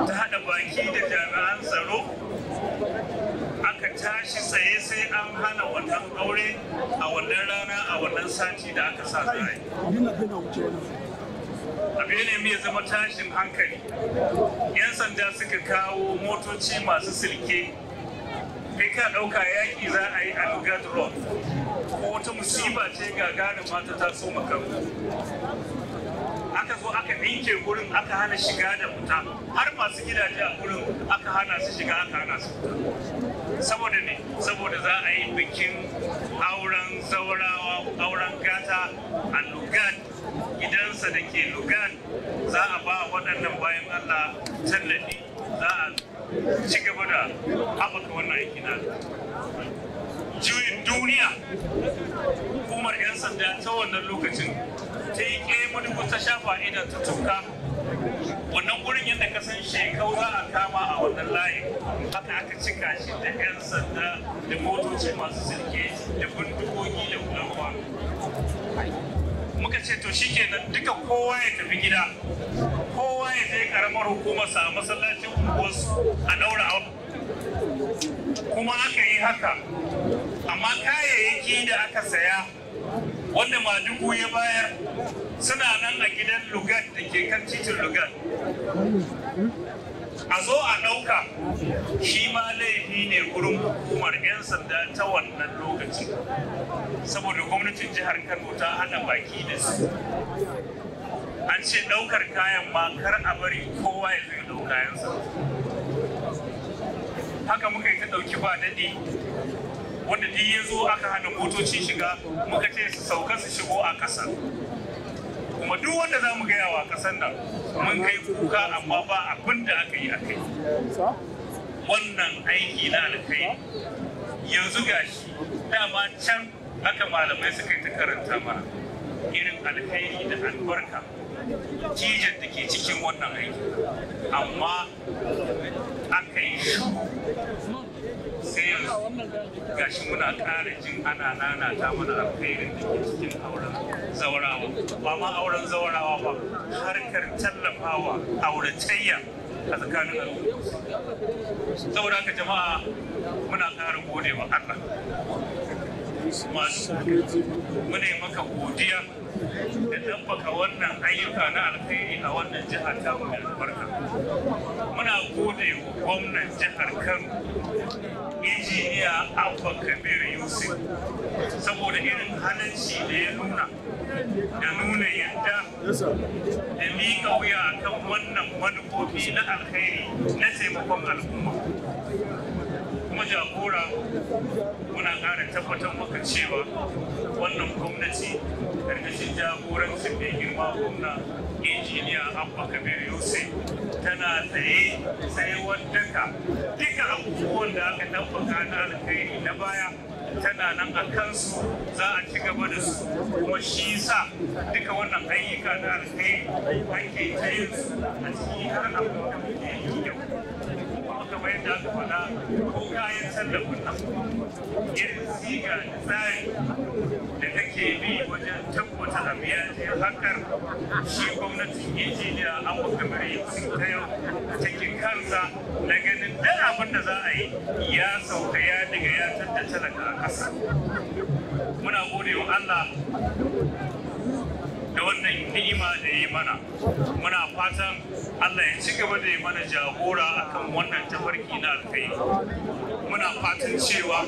ta haɗa baki da jami'an tsaro aka tashi tsaye sai an hana wannan aure a wannan rana a wannan sati da aka sa zai abu ne ya zama tashin hankali yan sanda suka kawo motoci masu silke kai ka ɗauka yaƙi za a yi a Lugard Road ko wata musiba ce gagarin mata ta so makamu aka zo aka ninke gurin aka hana shiga da fita har masu gidaje a gurin aka hana su shiga aka hana su fita saboda ne saboda za a yi bikin auren zaurawa auren gata a lugan gidansa da ke lugan za a ba waɗannan bayan allah tallafi za a ci gaba da haɓaka wannan aiki na juyin duniya hukumar 'yan sanda ta wannan lokacin ta yi ƙe ta shafa idan ta tuka wannan wurin yadda ka san shekau za a kama a wannan layin haka aka cika shi da 'yan sanda da motoci masu sirke da bindigogi da kulawa muka ce to shikenan duka kowa ya tafi gida kowa ya je karamar hukumar sa masallacin unguwarsu a daura kuma aka yi haka amma kayayyaki da aka saya wanda madugu ya bayar suna nan a gidan lugat da ke kan titin lugat a zo a ɗauka shi ma laifi ne wurin hukumar 'yan sanda ta wannan lokaci saboda gwamnatin jihar kano ta hana baki da su an ce ɗaukar kayan ma kar a bari kowa ya zai ɗau kayansa haka muka yi ta ɗauki ba daɗi wanda duk ya zo aka hana motoci shiga muka ce su sauka su shigo a ƙasa kuma duk wanda za mu gaya wa ƙasar nan mun kai kuka amma ba abin da aka yi a kai wannan aiki na alkai yanzu gashi dama can aka malamai suka yi ta karanta mana irin alkhairi da albarka jijin da ke cikin wannan aiki amma aka yi shi. sai yanzu gashi muna ƙara jin ana nana ta mana alkhairin da ke cikin auren zaurawa ba ma auren zaurawa ba harkar tallafawa auratayya a tsakanin al'umma saboda haka jama'a muna ƙara gode Allah Muna mune maka godiya da tabbaka wannan ayyuka na alkhairi a wannan jihar ta mai albarka muna gode wa gwamnan jihar kano injiniya abba kabir yusuf saboda irin halanci da ya nuna da nuna yadda da miƙa wuya kan wannan manufofi na alkhairi na taimakon al'umma kuma jagora muna kara tabbatar maka cewa wannan gwamnati ƙarƙashin jagorancin mai girma gwamna injiniya abba kabir yusuf tana tsaye wadda ka duka abubuwan da aka tabbata na alkhairi na baya tana nan a kansu za a ci gaba da su kuma shi sa duka wannan ayyuka na alkhairi ake ta yin su a cikin har kamar yadda aka faɗa ko kayan tallafin nan irin siga da tsari da nake bi wajen tabbata abu ya je hakar shi gwamnatin injiniya abu kamar yusuf ta yau cikin kansa na ganin dan abin da za a yi ya sauka ya daga ya tattace daga ƙasa muna gode wa Allah da wannan ni'ima da yi mana muna fatan Allah ya ci gaba da yi mana jagora kan wannan tafarki na alkai muna fatan cewa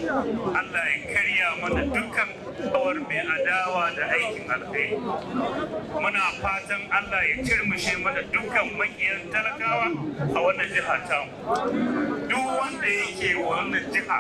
Allah ya karya mana dukkan kawar mai adawa da aikin alkai muna fatan Allah ya turmushe mana dukkan makiyar talakawa a wannan jiha ta duk wanda yake wannan jiha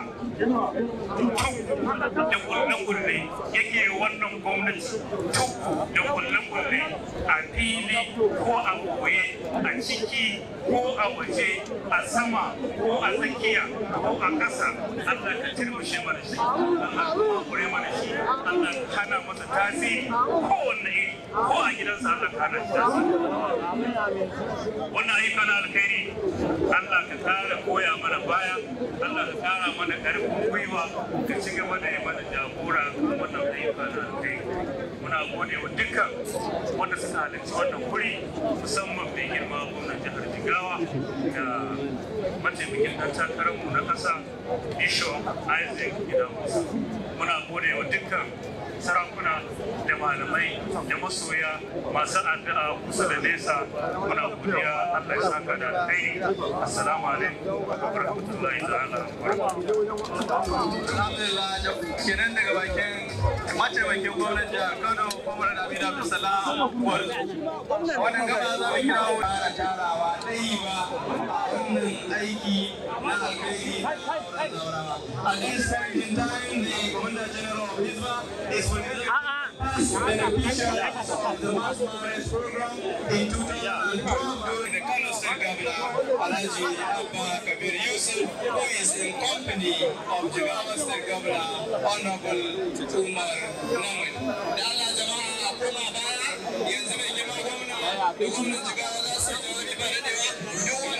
da kullum-kullum yake wannan gwamnati tukku da kullum kulle-kulle a fili ko a goye a ciki ko a waje a sama ko a tsakiya ko a ƙasa Allah ka turmushe mana shi Allah ka kure mana shi Allah ka hana masa ko kowanne iri ko a gidansa Allah ka hana shi tasiri wannan ayyuka na alkhairi Allah ka kara koya mana baya Allah ka kara mana ƙarfin gwiwa ka ci gaba da yi mana jagora wannan ayyuka na alkhairi muna gode wa dukkan wanda suka halarci wannan kuri musamman mai girma gwamnan jihar jigawa da mataimakin dan takararmu na ƙasa bishop isaac gida muna gode wa dukkan sarakuna da malamai da masoya masu addu'a kusa da nesa muna godiya Allah ya saka da kai assalamu alaikum wa rahmatullahi ta'ala kenan daga bakin mataimakin gwamnan jihar Kano Kwamar wannan gaba za mu kira wa tarawa aiki na alkhairi General ah, ah. beneficial of the mass marriage program in 2012 the Kano State Governor Abba Kabir Yusuf, who is in company of Jigawa State Governor Honorable Umar Da jama'a a koma baya yanzu mai girma gwamna hukumar Jigawa za su jawabi ba da duk wani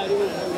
Yeah, I do.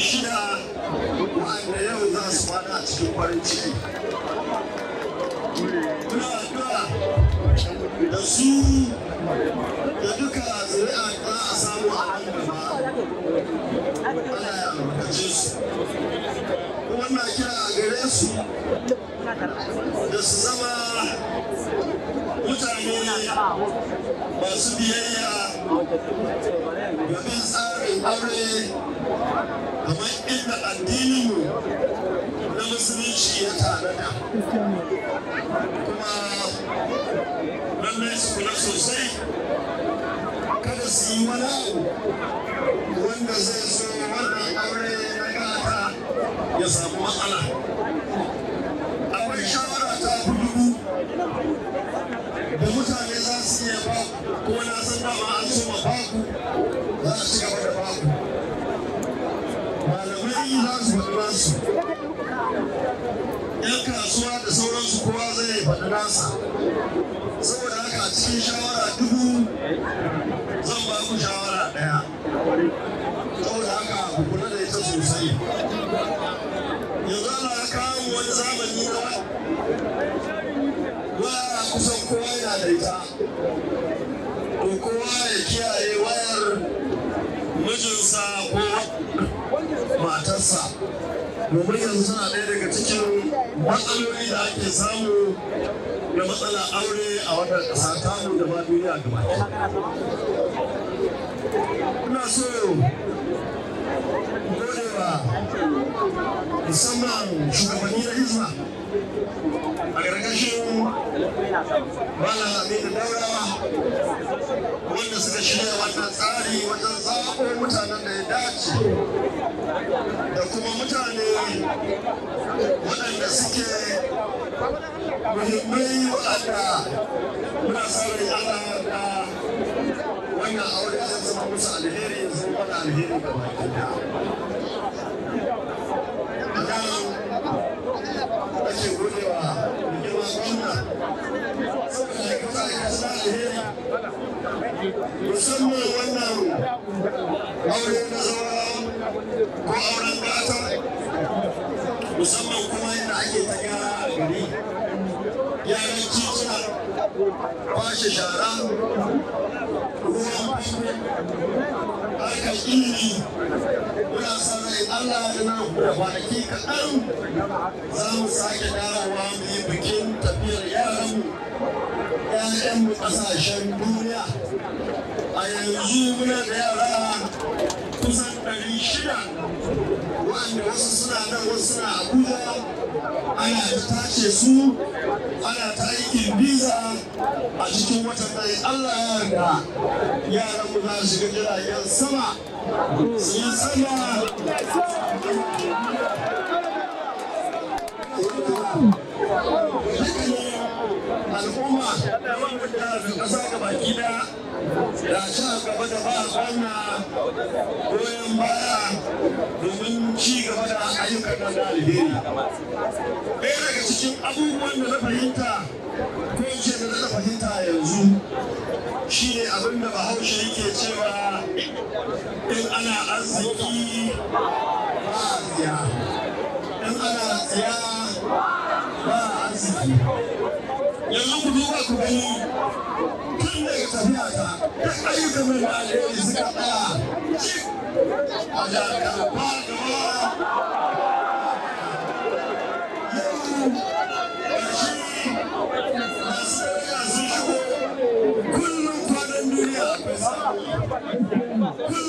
shida wa'anda yau za su fada a cikin farin ciki muna addu'a da su da duka zuri'a za a samu a nan gaba Allah ya albarkace su kuma na kira a gare su da su zama mutane masu biyayya domin tsarin aure kamar inda addini na musulunci ya tanada kuma lallai su kula sosai kada su yi wanda zai so wannan aure na gata ya samu matsala zan ba ku shawara ɗaya saboda haka ku kula da ita sosai yanzu ana kawo wani zamani na waya kusan kowa yana da ita to kowa ya kiyaye wayar mijinsa ko matarsa domin yanzu tana ɗaya daga cikin matsaloli da ake samu da matsala aure a watan ƙasa da ba duniya gaba ina so godewa musamman shugabanni na hizba a ƙarƙashin malam da daurawa wanda suka shirya wannan tsari wajen zaɓo mutanen da ya dace da kuma mutane waɗanda suke muhimmai waɗanda muna saurin Allah da wannan aure zai zama musu alheri zai mana alheri ga baki da a kan rashin gudewa da girma gwamna saboda ya kasa da kasa alheri musamman wannan aure na zauren ko auren gata musamman kuma yadda ake ta gyara kwashe shara ruwan fiye harkar ilimi muna sa rai Allah ya nan da kwanaki kaɗan za mu sake dawowa mu yi bikin tafiyar yaranmu ‘ya'yanmu ƙasashen duniya a yanzu muna da yara kusan ɗari shida wanda wasu suna nan wasu suna abuja ana tace su ana ta aikin biza a cikin watan nan allah ya yarda yaran mu za su shiga jiragen sama su yi sama al'umma da ƙasa ga baki daya da ta gaba da ba gwamna goyon baya domin ci gaba da ayyukan nan da alheri ɗaya daga cikin abubuwan da na fahimta ko ce da na fahimta yanzu shine abin da bahaushe yake cewa in ana arziki ba tsiya in ana tsiya ba arziki yanzu ku duba ku gani tun daga tafiya ta duk ayyukan nan da alheri suka tsaya a jihar kano ba gaba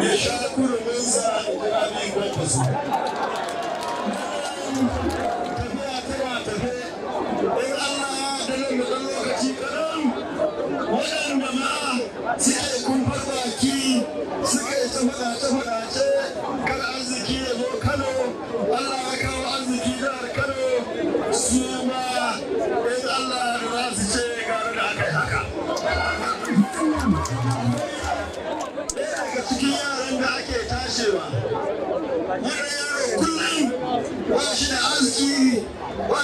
Mexendo a lança, a língua é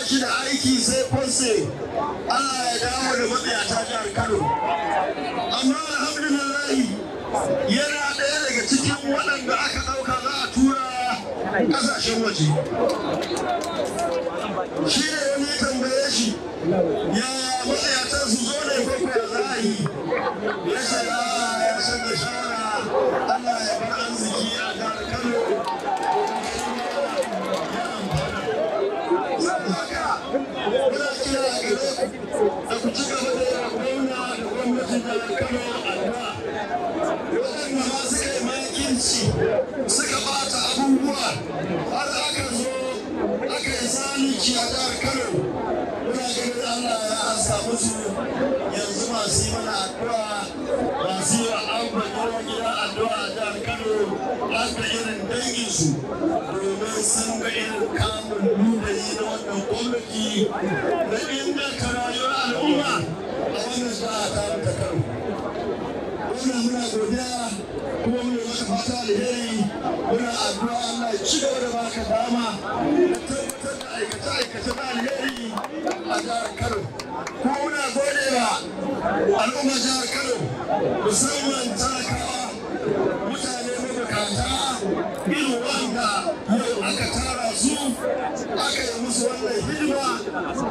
shi da aiki sai kwasse Allah ya dawo da matsayata jihar Kano. Amma alhamdulillahi yana ɗaya daga cikin waɗanda aka ɗauka za a tura ƙasashen waje. Shi ne wani tambaye shi ya matsayatan su zo ne za a yi. Ya mana addu'a ba su yi an bayyana gida addu'a a jihar Kano an irin dangin su domin sun ga irin kamun lubayi na wannan gwamnati na inganta rayuwar al'umma a wannan jiha ta ta Kano. Wannan muna godiya kuma muna maka fata alheri muna addu'a Allah ya ci gaba da baka dama da tabbatar da aikace-aikace na alheri. al'umma jihar kano musamman talakawa mutane mabukata irin wanda yau aka tara su aka yi musu wannan hidima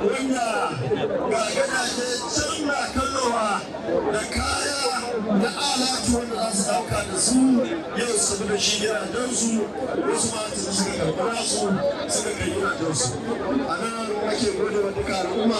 wanda ga gadaje can na kallowa da kaya da alatu wanda za su dauka da su yau su bi da shi su, wasu ma su suka karɓi nasu suka kai su, a nan ake gode wa duka al'umma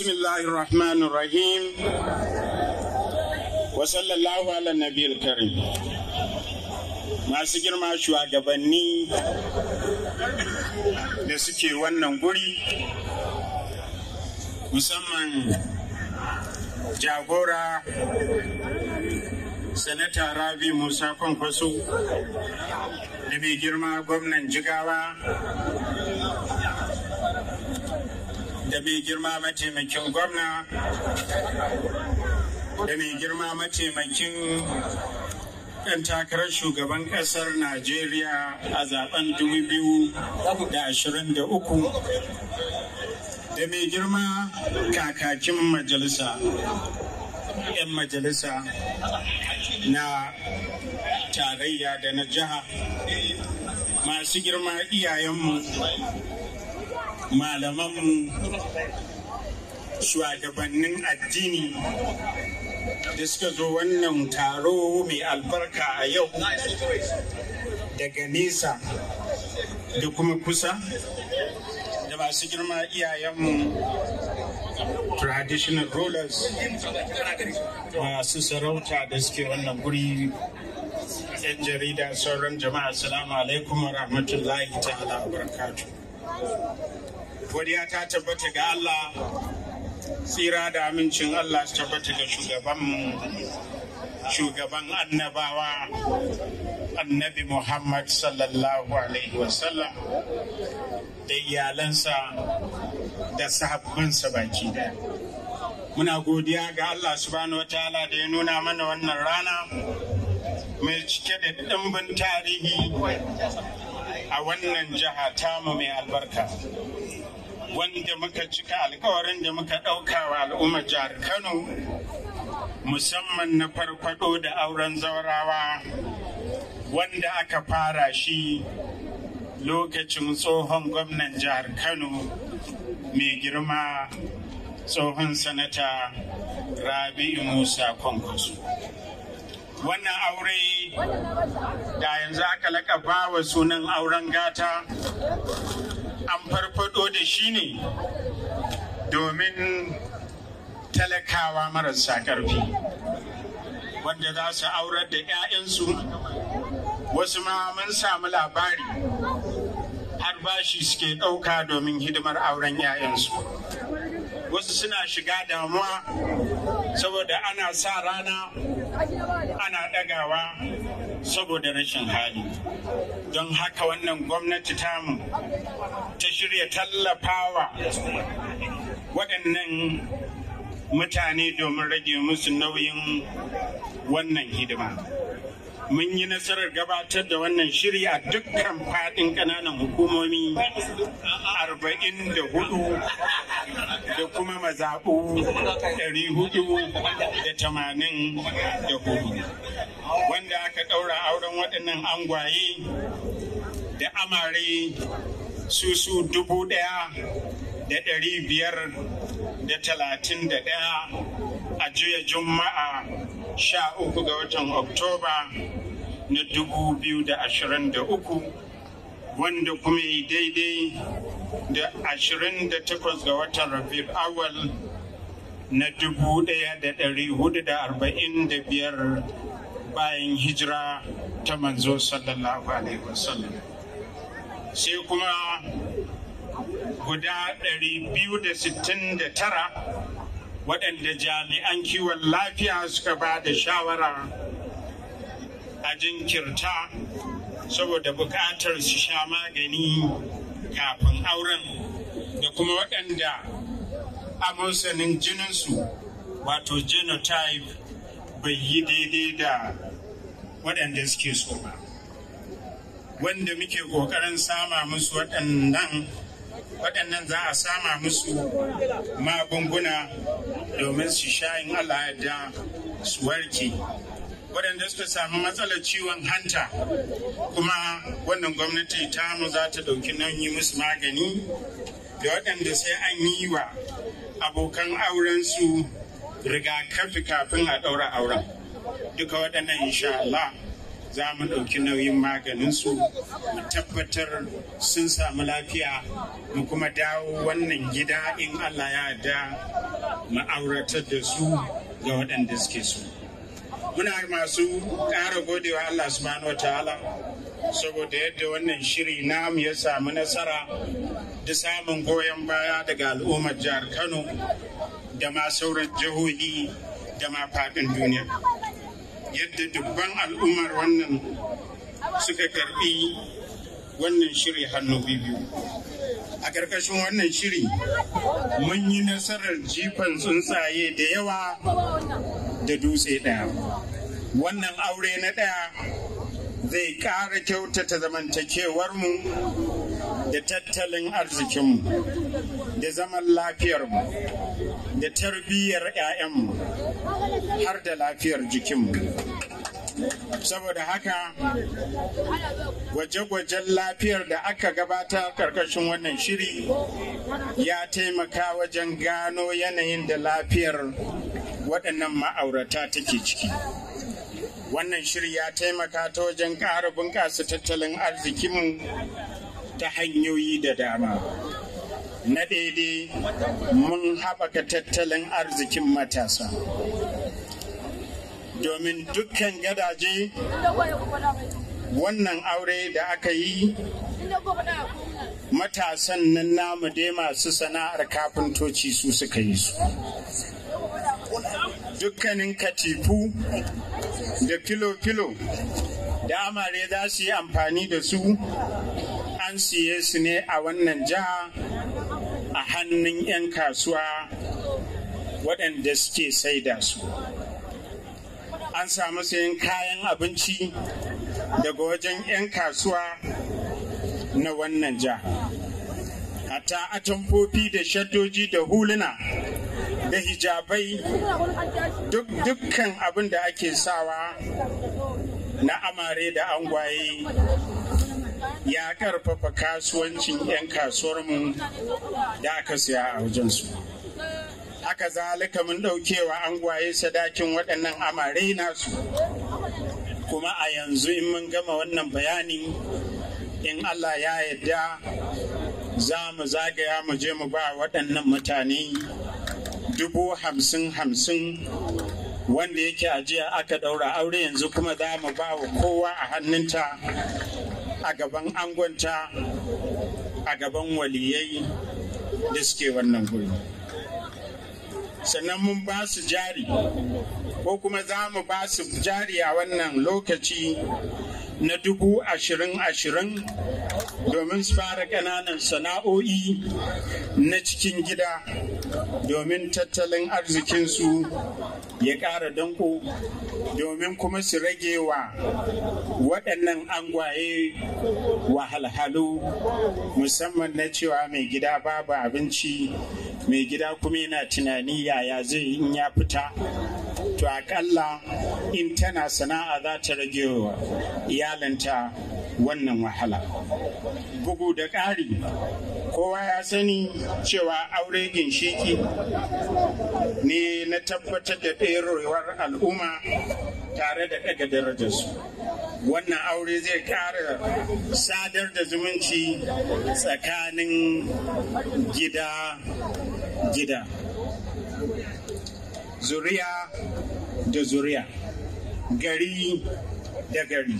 bismillahir rahmanir rahim wa sallallahu ala masu girma shugabanni da suke wannan guri musamman jagora sanata rabi musa kwankwaso da mai girma gwamnan jigawa da mai girma mataimakin gwamna da mai girma mataimakin ɗan takarar shugaban ƙasar najeriya a zaben 2023 da mai girma kakakin majalisa 'yan majalisa na tarayya da na jiha masu girma iyayenmu malamanmu shugabannin addini da suka zo wannan taro mai albarka a yau daga nesa da kuma kusa da masu girma iyayenmu traditional rulers masu sarauta da suke wannan guri yan jarida sauran jama'a salamu alaikum wa rahmatullahi ta'ala wa barakatuh godiya ta tabbata ga Allah tsira da amincin Allah su tabbata ga shugaban shugaban annabawa annabi Muhammad sallallahu alaihi wasallam da iyalansa da sahabbansa baki Muna godiya ga Allah subhanahu wa ta'ala da ya nuna mana wannan rana mai cike da ɗimbin tarihi a wannan jiha tamu mai albarka. wanda muka cika alkawarin da muka ɗauka wa al'ummar jihar Kano musamman na farfado da auren zaurawa wanda aka fara shi lokacin tsohon gwamnan jihar Kano mai girma tsohon sanata Rabi'u Musa Kwankwaso. wannan aure da yanzu aka lakaba wa sunan auren gata an farfado da shi ne domin talakawa marasa ƙarfi wanda za su aurar da 'ya'yansu wasu ma mun samu labari har bashi suke ɗauka domin hidimar auren 'ya'yansu wasu suna shiga damuwa saboda ana sa rana ana ɗagawa saboda rashin hali don haka wannan gwamnati tamu ta shirya tallafawa waɗannan mutane domin rage musu nauyin wannan hidima mun yi nasarar gabatar da wannan shiri a dukkan fadin kananan hukumomi 44 da kuma mazaɓu 484 wanda aka ɗaura auren waɗannan angwaye da amare su su dubu ɗaya da ɗari biyar da talatin da ɗaya a juya juma'a sha uku ga watan oktoba na dubu biyu da ashirin da uku wanda kuma yi daidai da ashirin da takwas ga watan rabiul awal na dubu ɗaya da ɗari hudu da arba'in da biyar bayan hijira ta manzo sallallahu alaihi wasallam sai kuma guda ɗari biyu da sittin da tara waɗanda jami'an kiwon lafiya suka ba da shawara a jinkirta saboda buƙatar su sha magani kafin auren da kuma waɗanda jinin jininsu wato genotype bai yi daidai da waɗanda suke so ba wanda muke ƙoƙarin sama musu waɗannan waɗannan za a sama musu magunguna domin su sha in Allah su warke waɗanda suka samu matsalar ciwon hanta kuma wannan gwamnati ta tamu za ta ɗauki nauyi musu magani da waɗanda sai an yi wa abokan aurensu rigakafi kafin a ɗaura auren duka waɗannan insha Allah za mu ɗauki nauyin maganinsu mu tabbatar sun samu lafiya mu kuma dawo wannan gida in allah ya da mu auratar da su ga waɗanda suke su muna masu ƙara godewa allah subhanahu wa ta'ala saboda yadda wannan shiri namu ya samu nasara da samun goyon baya daga al'ummar jihar kano da ma sauran jihohi da ma faɗin duniya yadda dubban al'ummar wannan suka karbi wannan shiri hannu biyu a ƙarƙashin wannan shiri mun yi nasarar jifan tsuntsaye da yawa da dutse ɗaya wannan aure na ɗaya zai ƙara kyautata zamantakewarmu da tattalin arzikinmu da zaman lafiyarmu da tarbiyyar 'ya'yanmu har da lafiyar jikinmu saboda haka gwaje-gwajen lafiyar da aka gabata karkashin wannan shiri ya taimaka wajen gano yanayin da lafiyar waɗannan ma'aurata take ciki. wannan shiri ya taimaka ta wajen ƙara bunƙasa tattalin arzikinmu ta hanyoyi da dama na daidai mun haɓaka tattalin arzikin matasa domin dukkan gadaje wannan aure da aka yi matasan nan namu dai masu sana'ar kafintoci su suka yi su dukkanin katifu da kilo-kilo da amare za su yi amfani da su an siye su ne a wannan jiha a hannun 'yan kasuwa waɗanda suke saida su an samu sayan kayan abinci daga wajen 'yan kasuwa na wannan jiha hatta atamfofi da shaddoji da huluna da hijabai dukkan abin da ake sawa na amare da angwaye ya karfafa kasuwancin 'yan kasuwar mu da aka siya a wajensu. aka zalika mun ɗaukewa angwaye sadakin waɗannan amare nasu. Kuma a yanzu in mun gama wannan bayani in Allah ya yadda za mu zagaya mu je mu ba waɗannan mutane dubu hamsin hamsin wanda yake ajiya aka daura aure yanzu kuma za mu ba wa kowa a hannunta a gaban angonta a gaban waliyai da suke wannan guri sannan mun ba su jari ko kuma za mu ba su jari a wannan lokaci na dubu ashirin ashirin domin su fara ƙananan sana'o'i na cikin gida domin tattalin arzikinsu ya ƙara danko domin kuma su rage wa waɗannan angwaye wahalhalu musamman na cewa mai gida babu abinci mai gida kuma yana tunani yaya zai in ya fita to akalla in tana sana'a za ta rage wa iyalanta wannan wahala bugu da ƙari kowa ya sani cewa aure ginshiki ne na tabbatar da ɗerewar al'umma tare da ɗaga darajarsu wannan aure zai ƙara sadar da zumunci tsakanin gida gida zuriya da zuriya gari da gari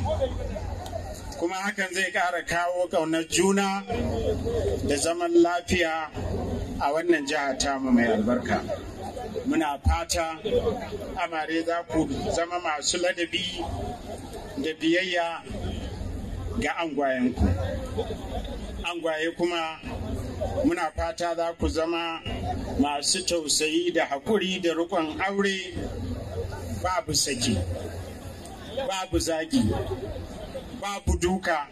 kuma hakan zai ƙara kawo ƙaunar juna da zaman lafiya a wannan jiha tamu mai albarka muna fata amare za ku zama masu ladabi da biyayya ga angwayenku angwaye kuma muna fata za ku zama masu tausayi da haƙuri da riƙon aure babu saki babu zagi babu duka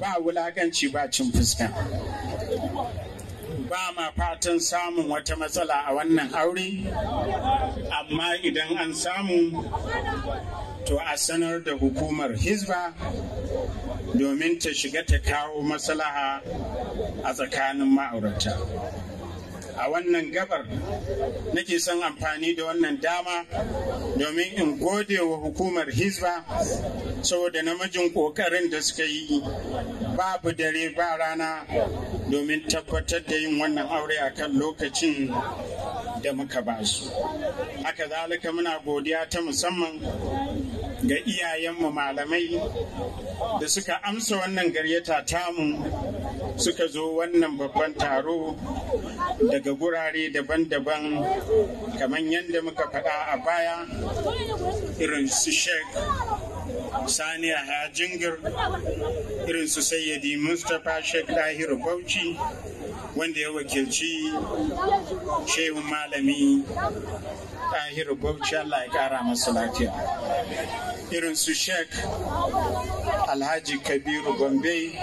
ba wulakanci ba cin fuska ba ma fatan samun wata matsala a wannan aure amma idan an samu to a sanar da hukumar hizba domin ta shiga ta kawo maslaha a tsakanin ma'aurata a wannan gabar nake son amfani da wannan dama domin in gode wa hukumar hizba saboda namijin ƙoƙarin da suka yi babu dare ba rana domin tabbatar da yin wannan aure a kan lokacin da muka ba su haka zalika muna godiya ta musamman ga iyayenmu malamai da suka amsa wannan garyata tamu suka zo wannan babban taro da daga gurare daban-daban kamar yadda muka faɗa a baya irin su sheik sani a jingir irin su sayyadi mustapha sheik dahiru bauchi wanda ya wakilci Shehu malami dahiru bauchi allah ya kara masu lafiya irin su sheik alhaji kabiru gombe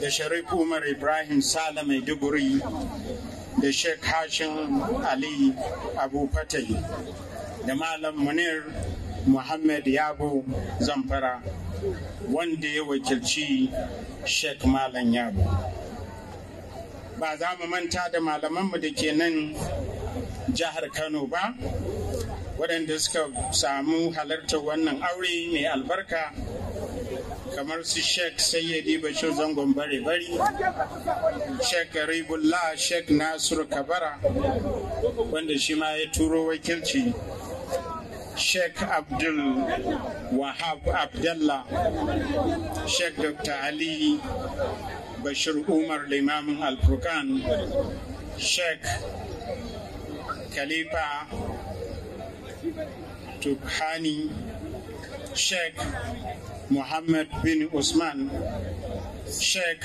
da sharif umar ibrahim salamai duburi da Sheikh Hashim Ali Abu Fatahi da Malam Munir Muhammad Yabo Zamfara wanda ya wakilci Sheikh Malam Yabo. Ba za mu manta da malamanmu da ke nan jihar Kano ba, waɗanda suka samu halartar wannan aure mai albarka. kamar su sheikh sayyidi bashir zangon bare bari sheikh garibullah sheikh nasiru kabara wanda shi ma ya turo wakilci sheikh abdul wahab abdallah sheikh dr ali bashir umar limamin Al-Furkan. sheikh khalifa tubhani sheikh Muhammad bin Usman Sheikh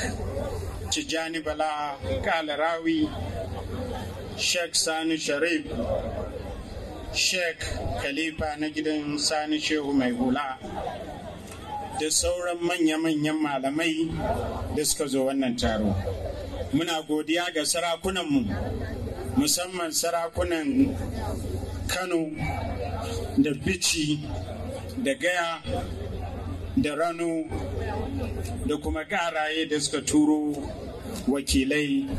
Tijani Bala Kalarawi Sheikh Sani Sharif Sheikh Khalifa na gidan Sani Shehu Mai Hula da sauran manya-manyan malamai da suka zo wannan taro. Muna godiya ga sarakunanmu, musamman sarakunan Kano da Bichi da Gaya da rano da kuma garaye da suka turo wakilai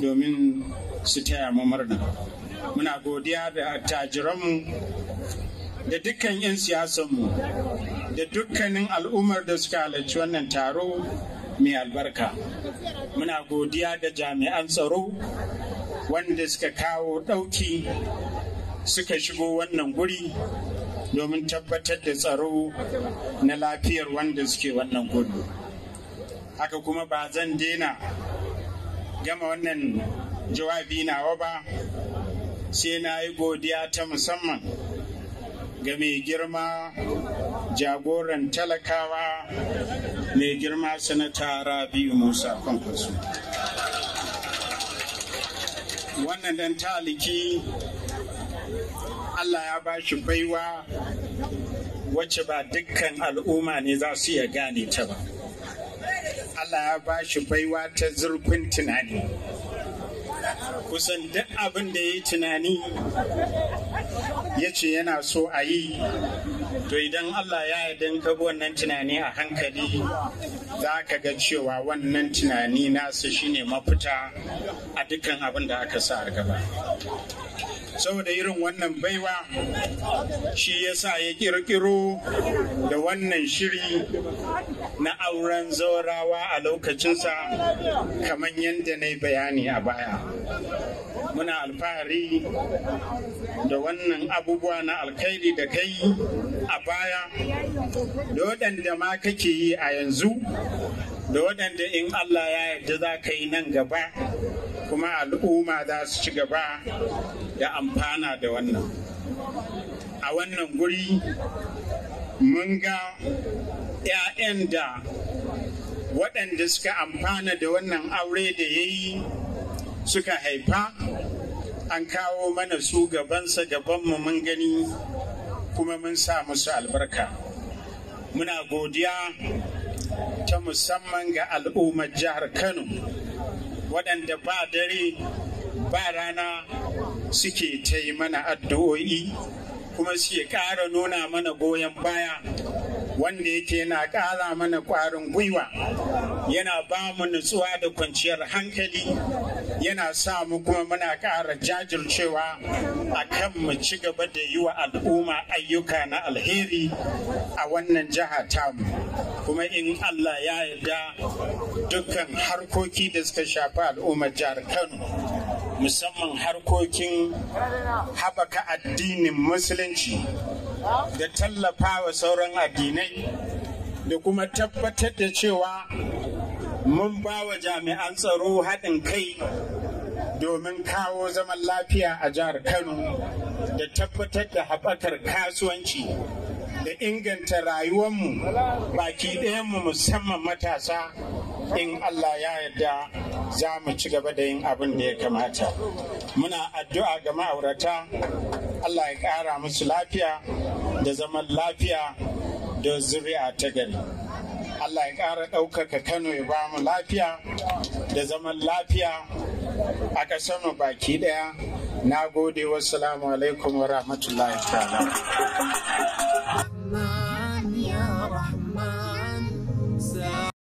domin su taya mu murna muna godiya da tajiranmu da dukkan 'yan siyasanmu da dukkanin al'ummar da suka halarci wannan taro mai albarka muna godiya da jami'an tsaro wanda suka kawo ɗauki suka shigo wannan guri domin tabbatar da tsaro na lafiyar wanda suke wannan gudu haka kuma ba zan daina gama wannan jawabi nawa ba sai na yi godiya ta musamman ga mai girma jagoran talakawa mai girma sanata rabiu musa kwankwaso wannan dan taliki Allah ya ba shi baiwa wacce ba dukkan al'umma ne za su iya gane ta ba. Allah ya ba shi baiwa ta zurfin tunani. Kusan duk abin da ya yi tunani ya ce yana so a yi, to idan Allah ya yi ka wannan tunani a hankali za ka ga cewa wannan tunani nasa shine mafita a dukkan abin da aka sa a gaba. saboda irin wannan baiwa shi yasa ya kirkiro da wannan shiri na auren zaurawa a lokacinsa kamar yadda na yi bayani a baya muna alfahari da wannan abubuwa na alkhairi da kai a baya da waɗanda ma kake yi a yanzu da waɗanda in Allah ya yarda za ka yi nan gaba kuma al'umma za su ci gaba da amfana da wannan a wannan guri mun ga 'ya'yan da waɗanda suka amfana da wannan aure da ya yi suka haifa an kawo mana su gabansa gabanmu mun gani kuma mun sa musu albarka muna godiya ta musamman ga al'ummar jihar kano waɗanda ba dare ba rana suke ta yi mana addu'o'i kuma shi ya ƙara nuna mana goyon baya wanda yake yana ƙara mana ƙwarin gwiwa yana ba mu nutsuwa da kwanciyar hankali yana sa mu kuma muna ƙara jajircewa a kan mu ci gaba da yi wa al'umma ayyuka na alheri a wannan jiha tamu kuma in Allah ya yarda dukkan harkoki da suka shafi al'ummar jihar Kano musamman harkokin haɓaka addinin musulunci musulunci da tallafa wa sauran addinai da kuma tabbatar da cewa mun ba wa jami'an tsaro haɗin kai domin kawo zaman lafiya a jihar Kano da tabbatar da haɓakar kasuwanci da inganta rayuwarmu baki ɗayanmu musamman matasa in Allah ya yarda za mu ci gaba da yin abin da ya kamata. Muna addu'a ga ma'aurata Allah ya ƙara musu lafiya da zaman lafiya da zuri'a ta gari. Allah ya ƙara ɗaukaka Kano ya ba mu lafiya da zaman lafiya a ƙasar mu baki ɗaya. Na gode wa salamu alaikum wa rahmatullahi ta'ala.